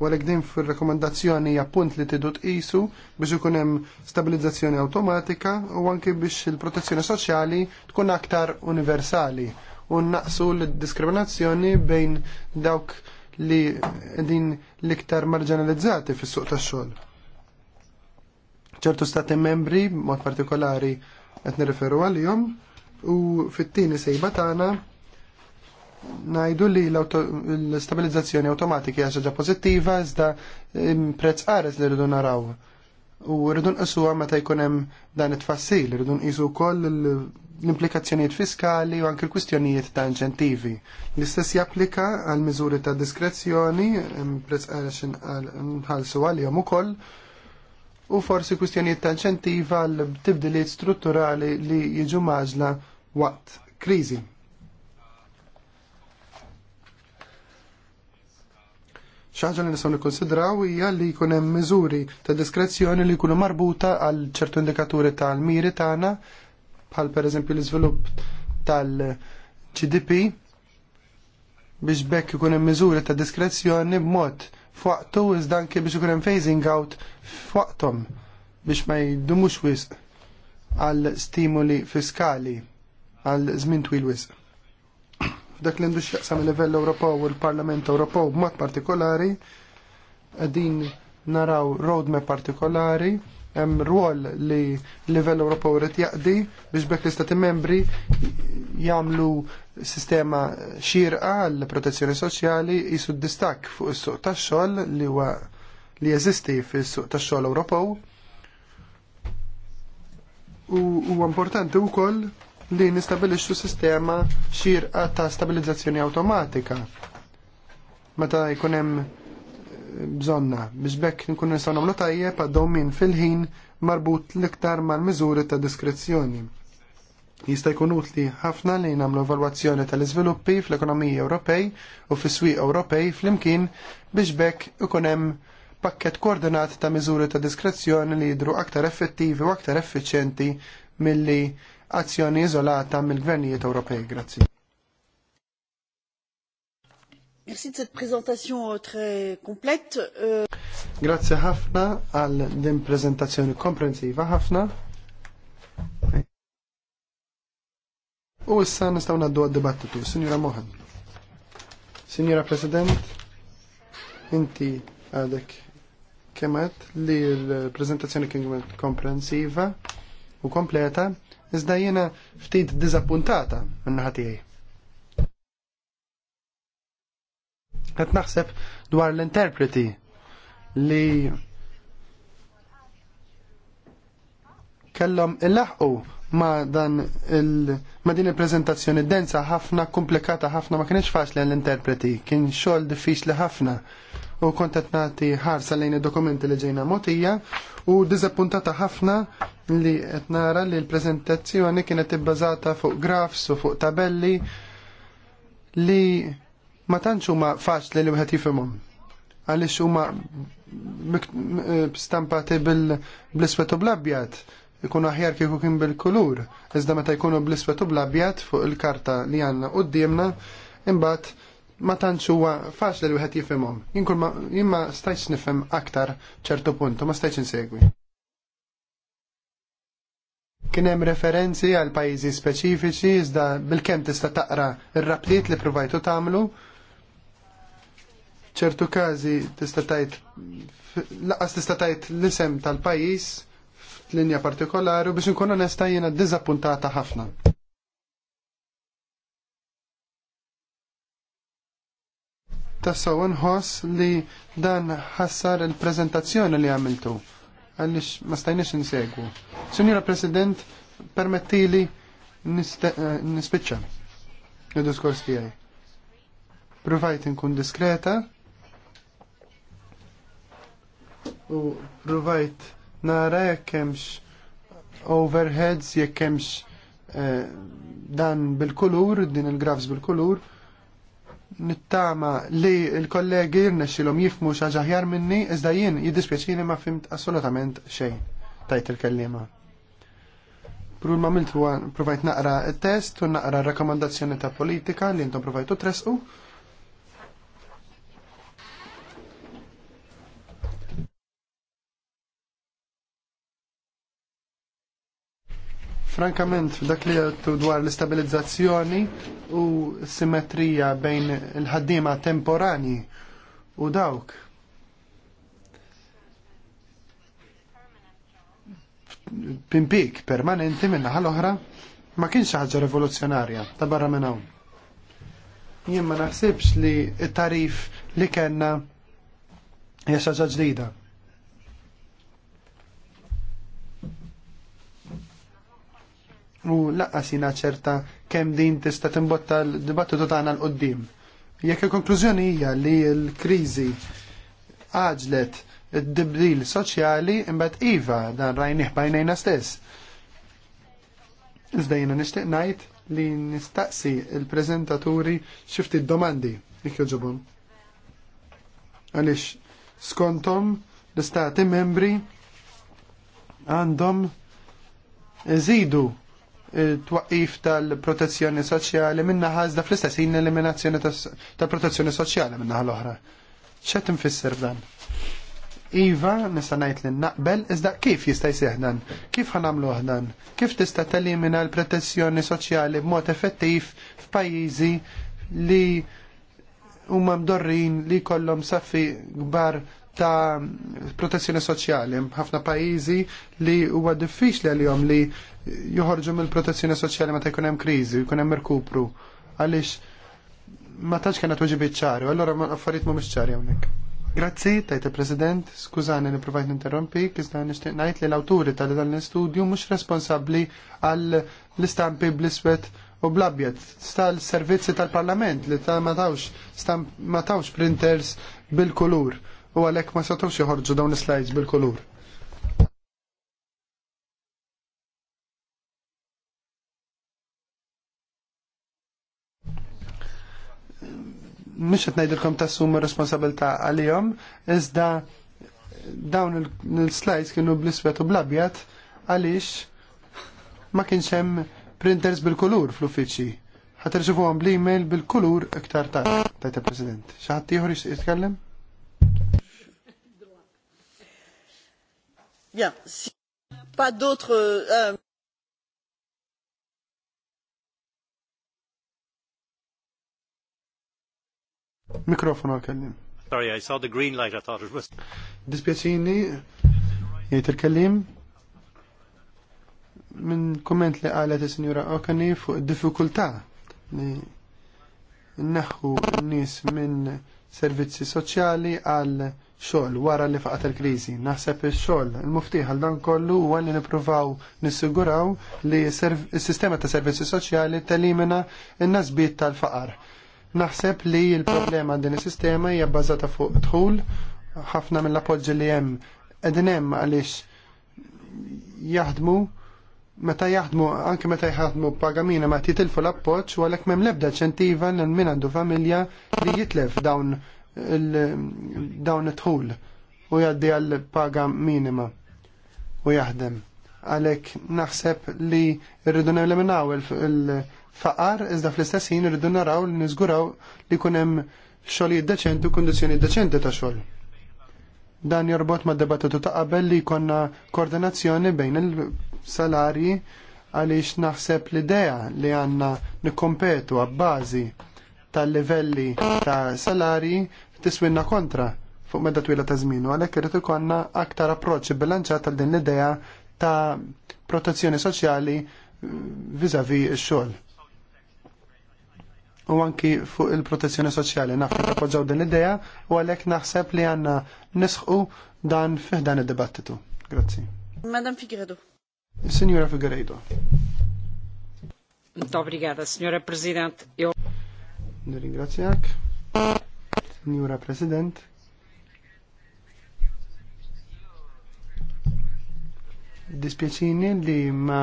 U għalhekk din fir-rakkomandazzjoni hija punt li tidu tqisu biex ikun hemm stabilizzazzjoni awtomatika u anke biex il-protezzjoni soċjali tkun aktar universali u naqsu l-diskriminazzjoni bejn dawk li din l-iktar marginalizzati fis-suq tax-xogħol. ċertu stati membri, mod partikolari, qed nirriferu għalihom, u fit-tieni sejba tagħna najdu li l-stabilizzazzjoni automatika hija ħaġa pożittiva iżda prezz qares li rridu naraw. U rridu nqisuha meta jkun hemm dan it fassil rridu nqisu wkoll l-implikazzjonijiet fiskali u anke l-kwistjonijiet ta' inċentivi. L-istess japplika għal miżuri ta' diskrezzjoni, prezz qares nħallsu għalihom ukoll, u forsi kwistjonijiet ta' inċentiva għal tibdiliet strutturali li jiġu maġla waqt kriżi. ħaġa li nistgħu nikkonsidraw hija li jkun hemm miżuri ta' diskrezzjoni li jkunu marbuta għal ċertu indikaturi tal-miri tagħna bħal pereżempju l-iżvilupp tal-GDP biex bekk ikun hemm miżuri ta' diskrezzjoni b'mod f'waqtu iżda anke biex ikun hemm phasing out f'waqthom biex ma jdumux wisq għal stimoli fiskali għal żmien twil wisq dak li għandu x'jaqsam il-livell Ewropew u l-Parlament Ewropew b'mod partikolari qegħdin naraw roadmap partikolari hemm rwol li l livell Ewropew irid jaqdi biex bekk l-istati membri jagħmlu sistema xirqa għall protezzjoni soċjali jisu distak fuq is-suq tax-xogħol li huwa li jeżisti fis-suq tax-xogħol Ewropew. U huwa importanti wkoll li nistabilixxu sistema xirqa ta' stabilizzazzjoni awtomatika meta jkun hemm eh, bżonna biex bekk nkun nistgħu nagħmlu tajjeb għaddhom min fil-ħin marbut l-iktar mal-miżuri ta' diskrezzjoni. Jista' jkun utli ħafna li nagħmlu evalwazzjoni tal-iżviluppi fl-ekonomiji Ewropej u fis-swieq Ewropej flimkien biex bekk ikun hemm pakket koordinat ta' miżuri ta' diskrezzjoni li jidru aktar effettivi u aktar effiċjenti milli azzjoni iżolata mill-gvernijiet Ewropej. Grazzi. Merci de cette présentation euh, très complète. Euh, Grazie ħafna għal din prezentazzjoni komprensiva ħafna. U issa nistgħu ngħaddu għad-dibattitu. Sinjura Mohan. Sinjura President, inti għadek kemet li l-prezentazzjoni kien komprensiva u kompleta iżda jiena ftit diżappuntata min-naħa tiegħi. Qed naħseb dwar l-interpreti li kellhom il-laħqu ma dan il ma din il-prezentazzjoni densa ħafna komplikata ħafna ma kienx faċli l-interpreti, kien xogħol diffiċli ħafna. U kont qed nagħti ħarsa lejn id-dokumenti li ġejna motija u diżappuntata ħafna li qed nara li l-prezentazzjoni kienet ibbażata fuq grafs u fuq tabelli li ma tantx huma faċli li wieħed jifhimhom. Għaliex huma stampati bil-iswed u bl-abjad ikun aħjar kieku kien bil-kulur, iżda meta jkunu bl-iswet bl-abjad fuq il-karta li għanna u d-diemna, imbat ma tantx huwa faċli li wieħed jifhimhom. Jinkun ma imma stajtx nifhem aktar ċertu punt, ma stajtx insegwi. Kien hemm referenzi għal pajjiżi speċifiċi iżda bilkemm tista' taqra r-rabtiet li provajtu tagħmlu ċertu każi tista' tajt laqas tista' tajt l-isem tal-pajjiż linja partikolari u biex nkun onesta jiena dizappuntata ħafna. Tassaw nħoss li dan ħassar il-prezentazzjoni li għamiltu Għallix ma stajniex nsegwu. Sinjura President, permettili eh, nispiċċa il-diskors tiegħi. Provajt nkun diskreta u provajt nara jekk hemmx overheads, jekk hemmx eh, dan bil-kulur, din il-grafs bil-kulur, nittama li il-kollegi jirnexxilhom jifmu xaġaħjar minni, iżda jien jiddispjaċini ma fimt assolutament xejn tajt il-kellima. Prur ma milt provajt naqra il-test u naqra rakkomandazzjoni ta' politika li intom provajtu tresqu. Frankament, f'dak li għattu dwar l-istabilizzazzjoni u s-simmetrija bejn il-ħaddima temporani u dawk. Pimpik permanenti minna ħal-oħra ma kienx ħaġa rivoluzzjonarja ta' barra minn hawn. Jien ma naħsibx li t tarif li kellna hija ġdida. u laqqas ċerta kemm din tista' timbotta l-dibattitu tagħna l-qoddim. Jekk il-konklużjoni hija li l-kriżi għaġlet id-dibdil soċjali imbagħad iva dan rajnih bajnejna stess. Iżda jiena nixtieq ngħid li nistaqsi il-prezentaturi xifti domandi jekk joġobhom. Għaliex skontom l-istati membri għandhom iżidu twaqif tal-protezzjoni soċjali minna ħazda fl-istess jien eliminazzjoni tal-protezzjoni soċjali minna ħal-oħra. ċet nfisser dan? Iva, nista' ngħid li naqbel, iżda kif jista' jsih dan? Kif ħanamlu dan? Kif tista' telimina l-protezzjoni soċjali b'mod effettiv f'pajjiżi li huma mdorrin li kollhom saffi kbar ta' protezzjoni soċjali. Ħafna pajjiżi li huwa diffiċli għalihom li joħorġu mill-protezzjoni soċjali meta jkun hemm kriżi, jkun hemm irkupru. Għaliex ma tantx kienet weġibiet ċari, allora affarijiet mhumiex ċari hawnhekk. Grazzi, tajt il-President, skużani li provajt ninterrompi, kizna nishtiq najt li l-awturi tal dan l-istudju mux responsabli għal l-istampi bl-iswet u Sta l servizzi tal-Parlament li ta' matawx, stamp, matawx printers bil-kulur u għalhekk ma setgħux joħorġu dawn is-slides bil-kulur. Mhux qed ngħidilkom tassum responsabilità għalihom, iżda dawn il-slides kienu bl-iswed u bl-abjad għaliex ma kienx hemm printers bil-kulur fl-uffiċċji. Ħatirġifuhom bl-email bil-kulur iktar tard, tajta President. Xi ħadd ieħor jitkellem? Bien, si pas d'autres. Euh, Mikrofon għal-kellim. Sorry, I saw the green light, I thought it was... Dispjaċini, jgħid il-kellim, minn komment li għalet il-Sinjura Okani fuq diffikultà li naħu n-nis minn servizzi soċjali għal xogħol wara li faqat il-kriżi. Naħseb ix-xogħol il-muftiħ għal dan kollu huwa li nippruvaw nissiguraw li s-sistema ta' servizzi soċjali telimina n-nasbit tal-faqar. Naħseb li l-problema din is-sistema hija bbażata fuq dħul ħafna mill-appoġġi li hemm qegħdin hemm għaliex jaħdmu meta jaħdmu, anke meta jaħdmu pagamina ma titilfu l-appoċ, u għalek mem ebda ċentiva lil min għandu familja li jitlef dawn dawn it-tħul u jaddi għal paga minima u jaħdem. Għalek naħseb li rridu neliminaw il-faqar, iżda fl-istess ħin rridu naraw li nizguraw li kunem xogħol deċenti u kondizjoni deċenti ta' xogħol. Dan jorbot ma' debattitu ta' qabel li konna koordinazzjoni bejn il-salarji għaliex naħseb l-idea li għanna nikkompetu għabbażi tal-livelli ta' salari tiswinna kontra fuq medda twila ta' żmien u għalhekk irid ikollna aktar approċċ bilanċat tal din l-idea ta' protezzjoni soċjali viżavi x-xogħol. U anki fuq il-protezzjoni soċjali naf li tappoġġaw din l-idea u għalhekk naħseb li għandna nisħu dan fih dan id-dibattitu. Grazzi. Madam Figueredo. Signora Figueredo. obrigada, signora President. Eu... Nirringrazzjak. Signora President. Dispjaċini li ma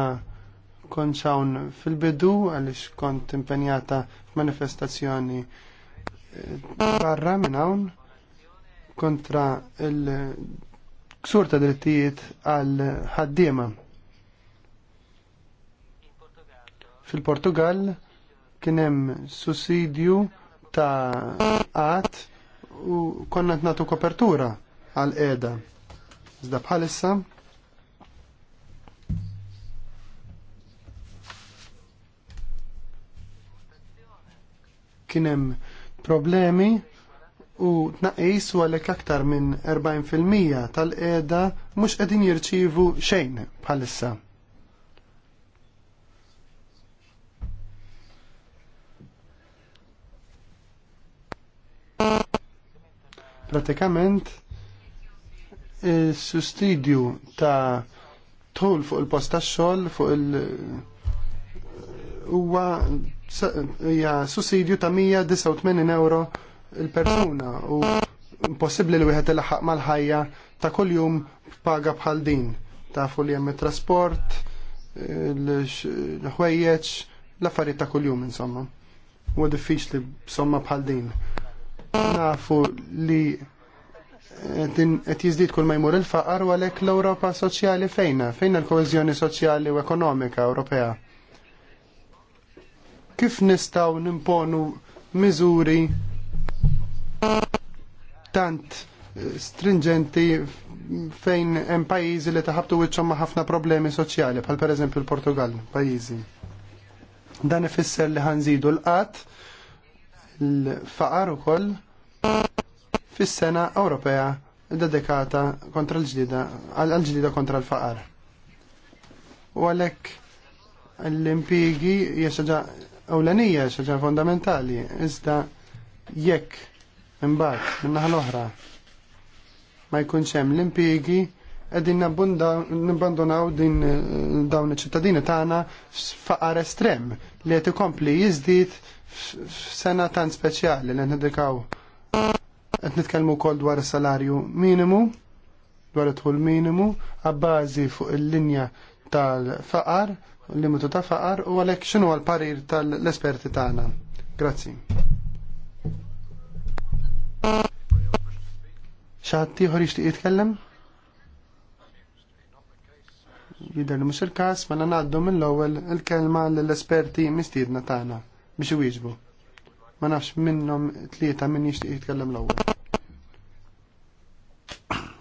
konċawn fil-bidu għalix kont impenjata f'manifestazzjoni eh, barra minn hawn kontra il-ksur drittijiet għal ħaddiema. Fil-Portugal kien hemm sussidju ta' qatt u konna nagħtu kopertura għal qiegħda. Iżda bħalissa kien hemm problemi u tnaqis u għalhekk aktar minn 40% tal-qiegħda mhux qegħdin jirċievu xejn bħalissa. Pratikament, il-sustidju ta' tul fuq il-post ta' xol, fuq il- huwa ja sussidju ta' 189 euro il-persuna u impossibbli li wieħed ilaħħaq mal-ħajja ta' kuljum paga bħal din. Tafu li hemm trasport, l-ħwejjeġ, l-affarijiet ta' kuljum insomma. Huwa diffiċli somma bħal din nafu li eh, qed jiżdied kull ma jmur il-faqar u għalhekk l-Ewropa soċjali fejna, fejna l-koeżjoni soċjali u ekonomika Ewropea. Kif nistgħu nimponu miżuri tant eh, stringenti fejn hemm pajjiżi li taħabtu wiċċhom ma' ħafna problemi soċjali, bħal pereżempju l-Portugal, pajjiżi. Dan ifisser li ħanżidu l-qatt, l-faqar ukoll, fis-sena Ewropea dedikata kontra l-ġdida għal-ġdida kontra l-faqar. U għalhekk l impjiegi hija xaġa ewlenija, xaġa fondamentali, iżda jekk imbagħad min-naħa l-oħra ma jkunx hemm l impjiegi qegħdin nabbandunaw din dawn iċ-ċittadini tagħna f'faqar estrem li qed ikompli jiżdied f'sena tant speċjali li ndedikaw Qed nitkellmu wkoll dwar is-salarju minimu, dwar it-tħul minimu, għabbażi fuq il-linja tal-faqar, l-limitu ta' faqar, u għalhekk xinu l-parir tal-esperti tagħna. Grazzi. ċaħat tiħor ixtiq jitkellem? li mux il-kas, ma mela nanaddu mill-ewel il-kelma l-esperti mistiedna tagħna biex iwieġbu ma nafx minnhom tlieta minn jixtieq jitkellem l-ewwel.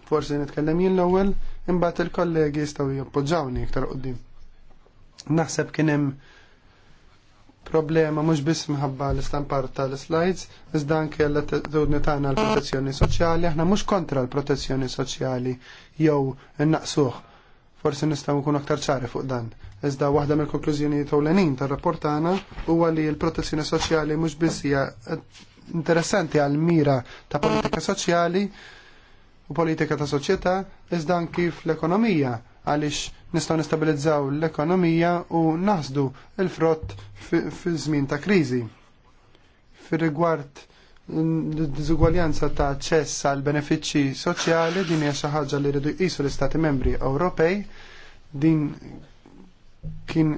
Forsi nitkellem jien l-ewwel, imbagħad il-kollegi jistgħu jappoġġawni iktar qudiem. Naħseb kien hemm problema mhux biss minħabba l-istampar tal-slides, iżda anke l tagħna l-protezzjoni soċjali, aħna mhux kontra l-protezzjoni soċjali jew innaqsuh. Forsi nistgħu nkunu aktar ċari fuq dan. Iżda waħda mill-konklużjoni tewlenin tar-rapport tagħna huwa li l-protezzjoni soċjali mhux biss hija interessanti għal mira ta' politika soċjali u politika ta' soċjetà iżda anki fl-ekonomija għaliex nistgħu nistabilizzaw l-ekonomija u naħsdu l-frott fi żmien ta' kriżi. Fir-rigward l-diżugwaljanza ta' ċess għal benefiċċji soċjali din hija xi ħaġa li rridu jqisu l-Istati Membri Ewropej din kien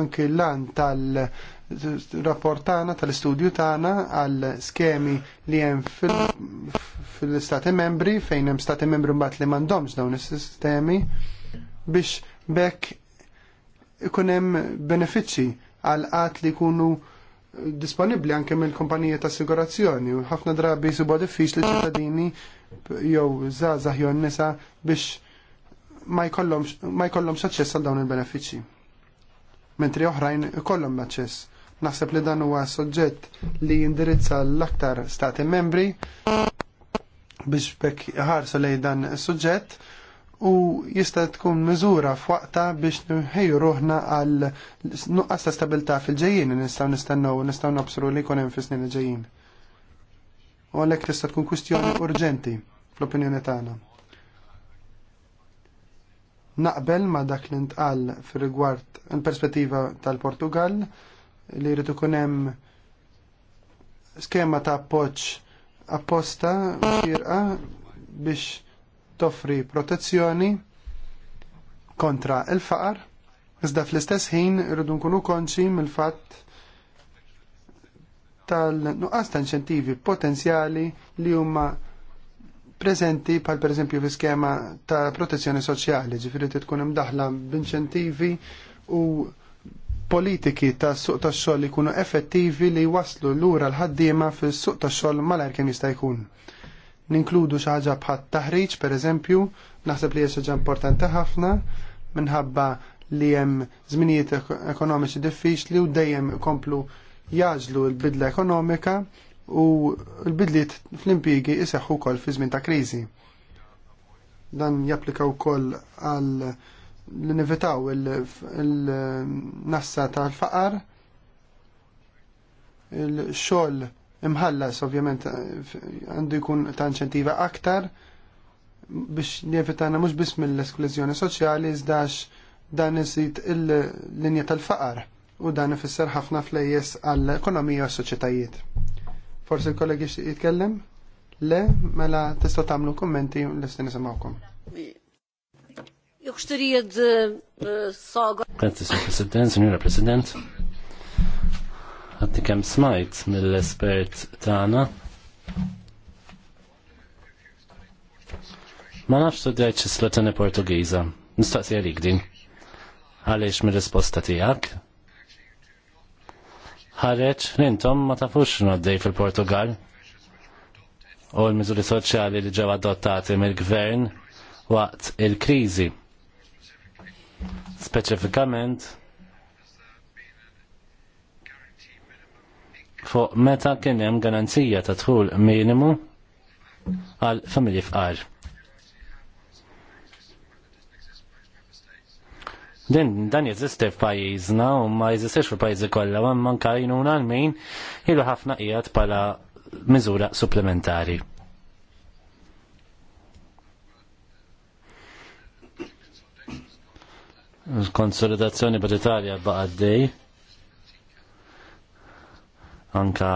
anke l-an tal-rapportana, tal-istudju tagħna għal skemi li hemm fil-Stati membri, fejn hemm Stati membri mbagħad li m'għandhomx dawn is-sistemi biex bekk ikun hemm benefiċċji għal qatt li jkunu disponibli anke mill kumpanija ta' assigurazzjoni u ħafna drabi suba diffiċli ċittadini jew żgħażagħ jew nisa biex ma jkollhomx aċċess għal dawn il-benefiċċji mentri oħrajn ikollhom l-aċċess. Naħseb li dan huwa soġġett li jindirizza l-aktar stati membri biex bekk ħarsu lej dan is-suġġett u jista' tkun miżura f'waqta biex nħejju ruħna għal nuqqas ta' stabilità fil-ġejjin nistgħu nistennew nistgħu nobsru li jkun hemm fis-snin il ġejjin. U għalhekk tista' tkun kwistjoni urġenti fl-opinjoni tagħna. Naqbel ma dak li ntqal fir-rigward il-perspettiva tal-Portugal li jrid ikun hemm skema ta' appoġġ apposta firqa biex toffri protezzjoni kontra il-faqar, iżda fl-istess ħin irridu nkunu konċi mill-fatt tal-nuqqas ta' inċentivi potenzjali li huma prezenti pal per eżempju fi skema ta' protezzjoni soċjali, ġifiri tkun imdaħla b'inċentivi u politiki ta' suq ta' li ikunu effettivi li waslu lura l-ħaddiema fis suq ta' xogħol malajr kemm jista' jkun. Ninkludu xi ħaġa taħriċ, taħriġ pereżempju, naħseb li jesu xi importanti ħafna minħabba li hemm żminijiet ekonomiċi diffiċli u dejjem komplu jaġlu l-bidla ekonomika u l-bidliet fl-impjiegi iseħħu wkoll fi żmien ta' kriżi. Dan japplika wkoll għal l-nivitaw il-nassa tal-faqar, il-xogħol imħallas ovvjament għandu jkun ta' inċentiva aktar biex nevetana mhux biss mill-esklużjoni soċjali zdax dan iżid il-linja tal-faqar u dan ifisser ħafna flejjes għall-ekonomija u s-soċjetajiet. Forse il kollegi jitkellem? Le, mela testo tamlu kommenti l nisimgħukom. Jo Jukxtirijed de eh, só Grazie, Sr. President, Sra. President. Għatti kem smajt mill-espert tana. Ma nafx studjajt xi slotani portugiza. Nistaqsi għalik din. Għalix mill risposta tijak, ħareġ nintom ma tafux noddej fil-Portugal u l-miżuri soċjali li ġew adottati mill-gvern waqt il-kriżi. Speċifikament fuq meta kien hemm garanzija ta' dħul minimu għal familji fqar. Din dan jeżisti f'pajjiżna u ma jeżistix f'pajjiżi kollha ma manka jnuna għal min ilu ħafna qiegħed bħala miżura supplementari. konsolidazzjoni budgetarja għaddej. anka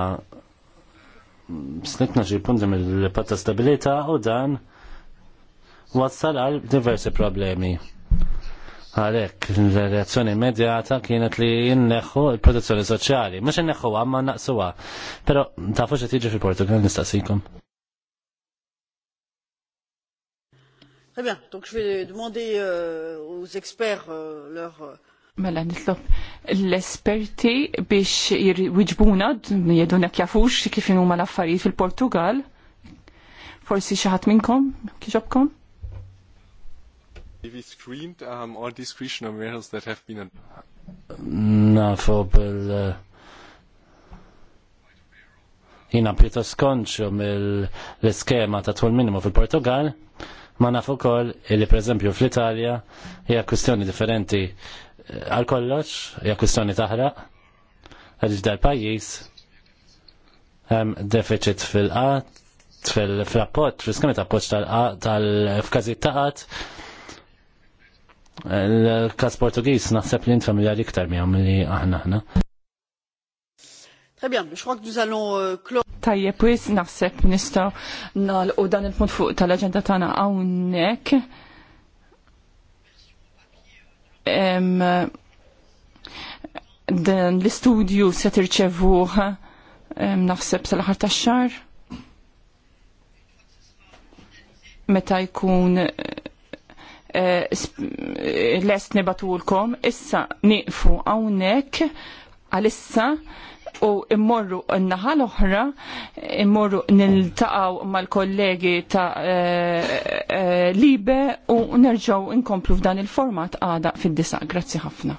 snitna xi punti mill-patta stabilita u dan wassal għal diversi problemi. Għalek, reazzjoni immedjata kienet li jinneħu il-protezzjoni soċjali. Mux jinneħu għamma naqsuwa. Pero tafu xe tiġi fil-Portugal nistaqsikom. Très bien, donc je vais demander euh, aux experts euh, leur... Euh, mela nitlob l-esperti biex jirwiġbuna, jeduna kjafux kif huma l-affarijiet fil-Portugal. Forsi xi ħadd minnkom, kieġobkom? be screened um, or discretionary measures that have been Nafu bil uh, jina pjeta skonċu mill skema ta' tul minimo fil-Portugal ma nafu kol li per eżempju fl-Italja hija kwistjoni differenti eh, għal kollox hija kwistjoni taħra, għaliex dal-pajjiż hemm deficit fil-qatt fil-rapport, fil skema ta' appoġġ tal-fkażijiet ta' qatt l-kas Portugis naħseb li nfamiljari iktar miegħu milli aħna aħna. Très bien, euh, Tajjeb, naħseb nistaw nalqu dan il-punt fuq tal-aġenda tagħna hawnhekk. Dan l-istudju se tirċevuh naħseb sal-aħħar tax-xahar. Meta jkun Eh, eh, lest nibatulkom, issa niqfu għawnek għalissa u immorru n-naħa l-oħra, immorru nil-taqaw mal-kollegi ta' eh, Libe u nerġaw inkomplu f'dan il-format għada fid-disa. Grazzi ħafna.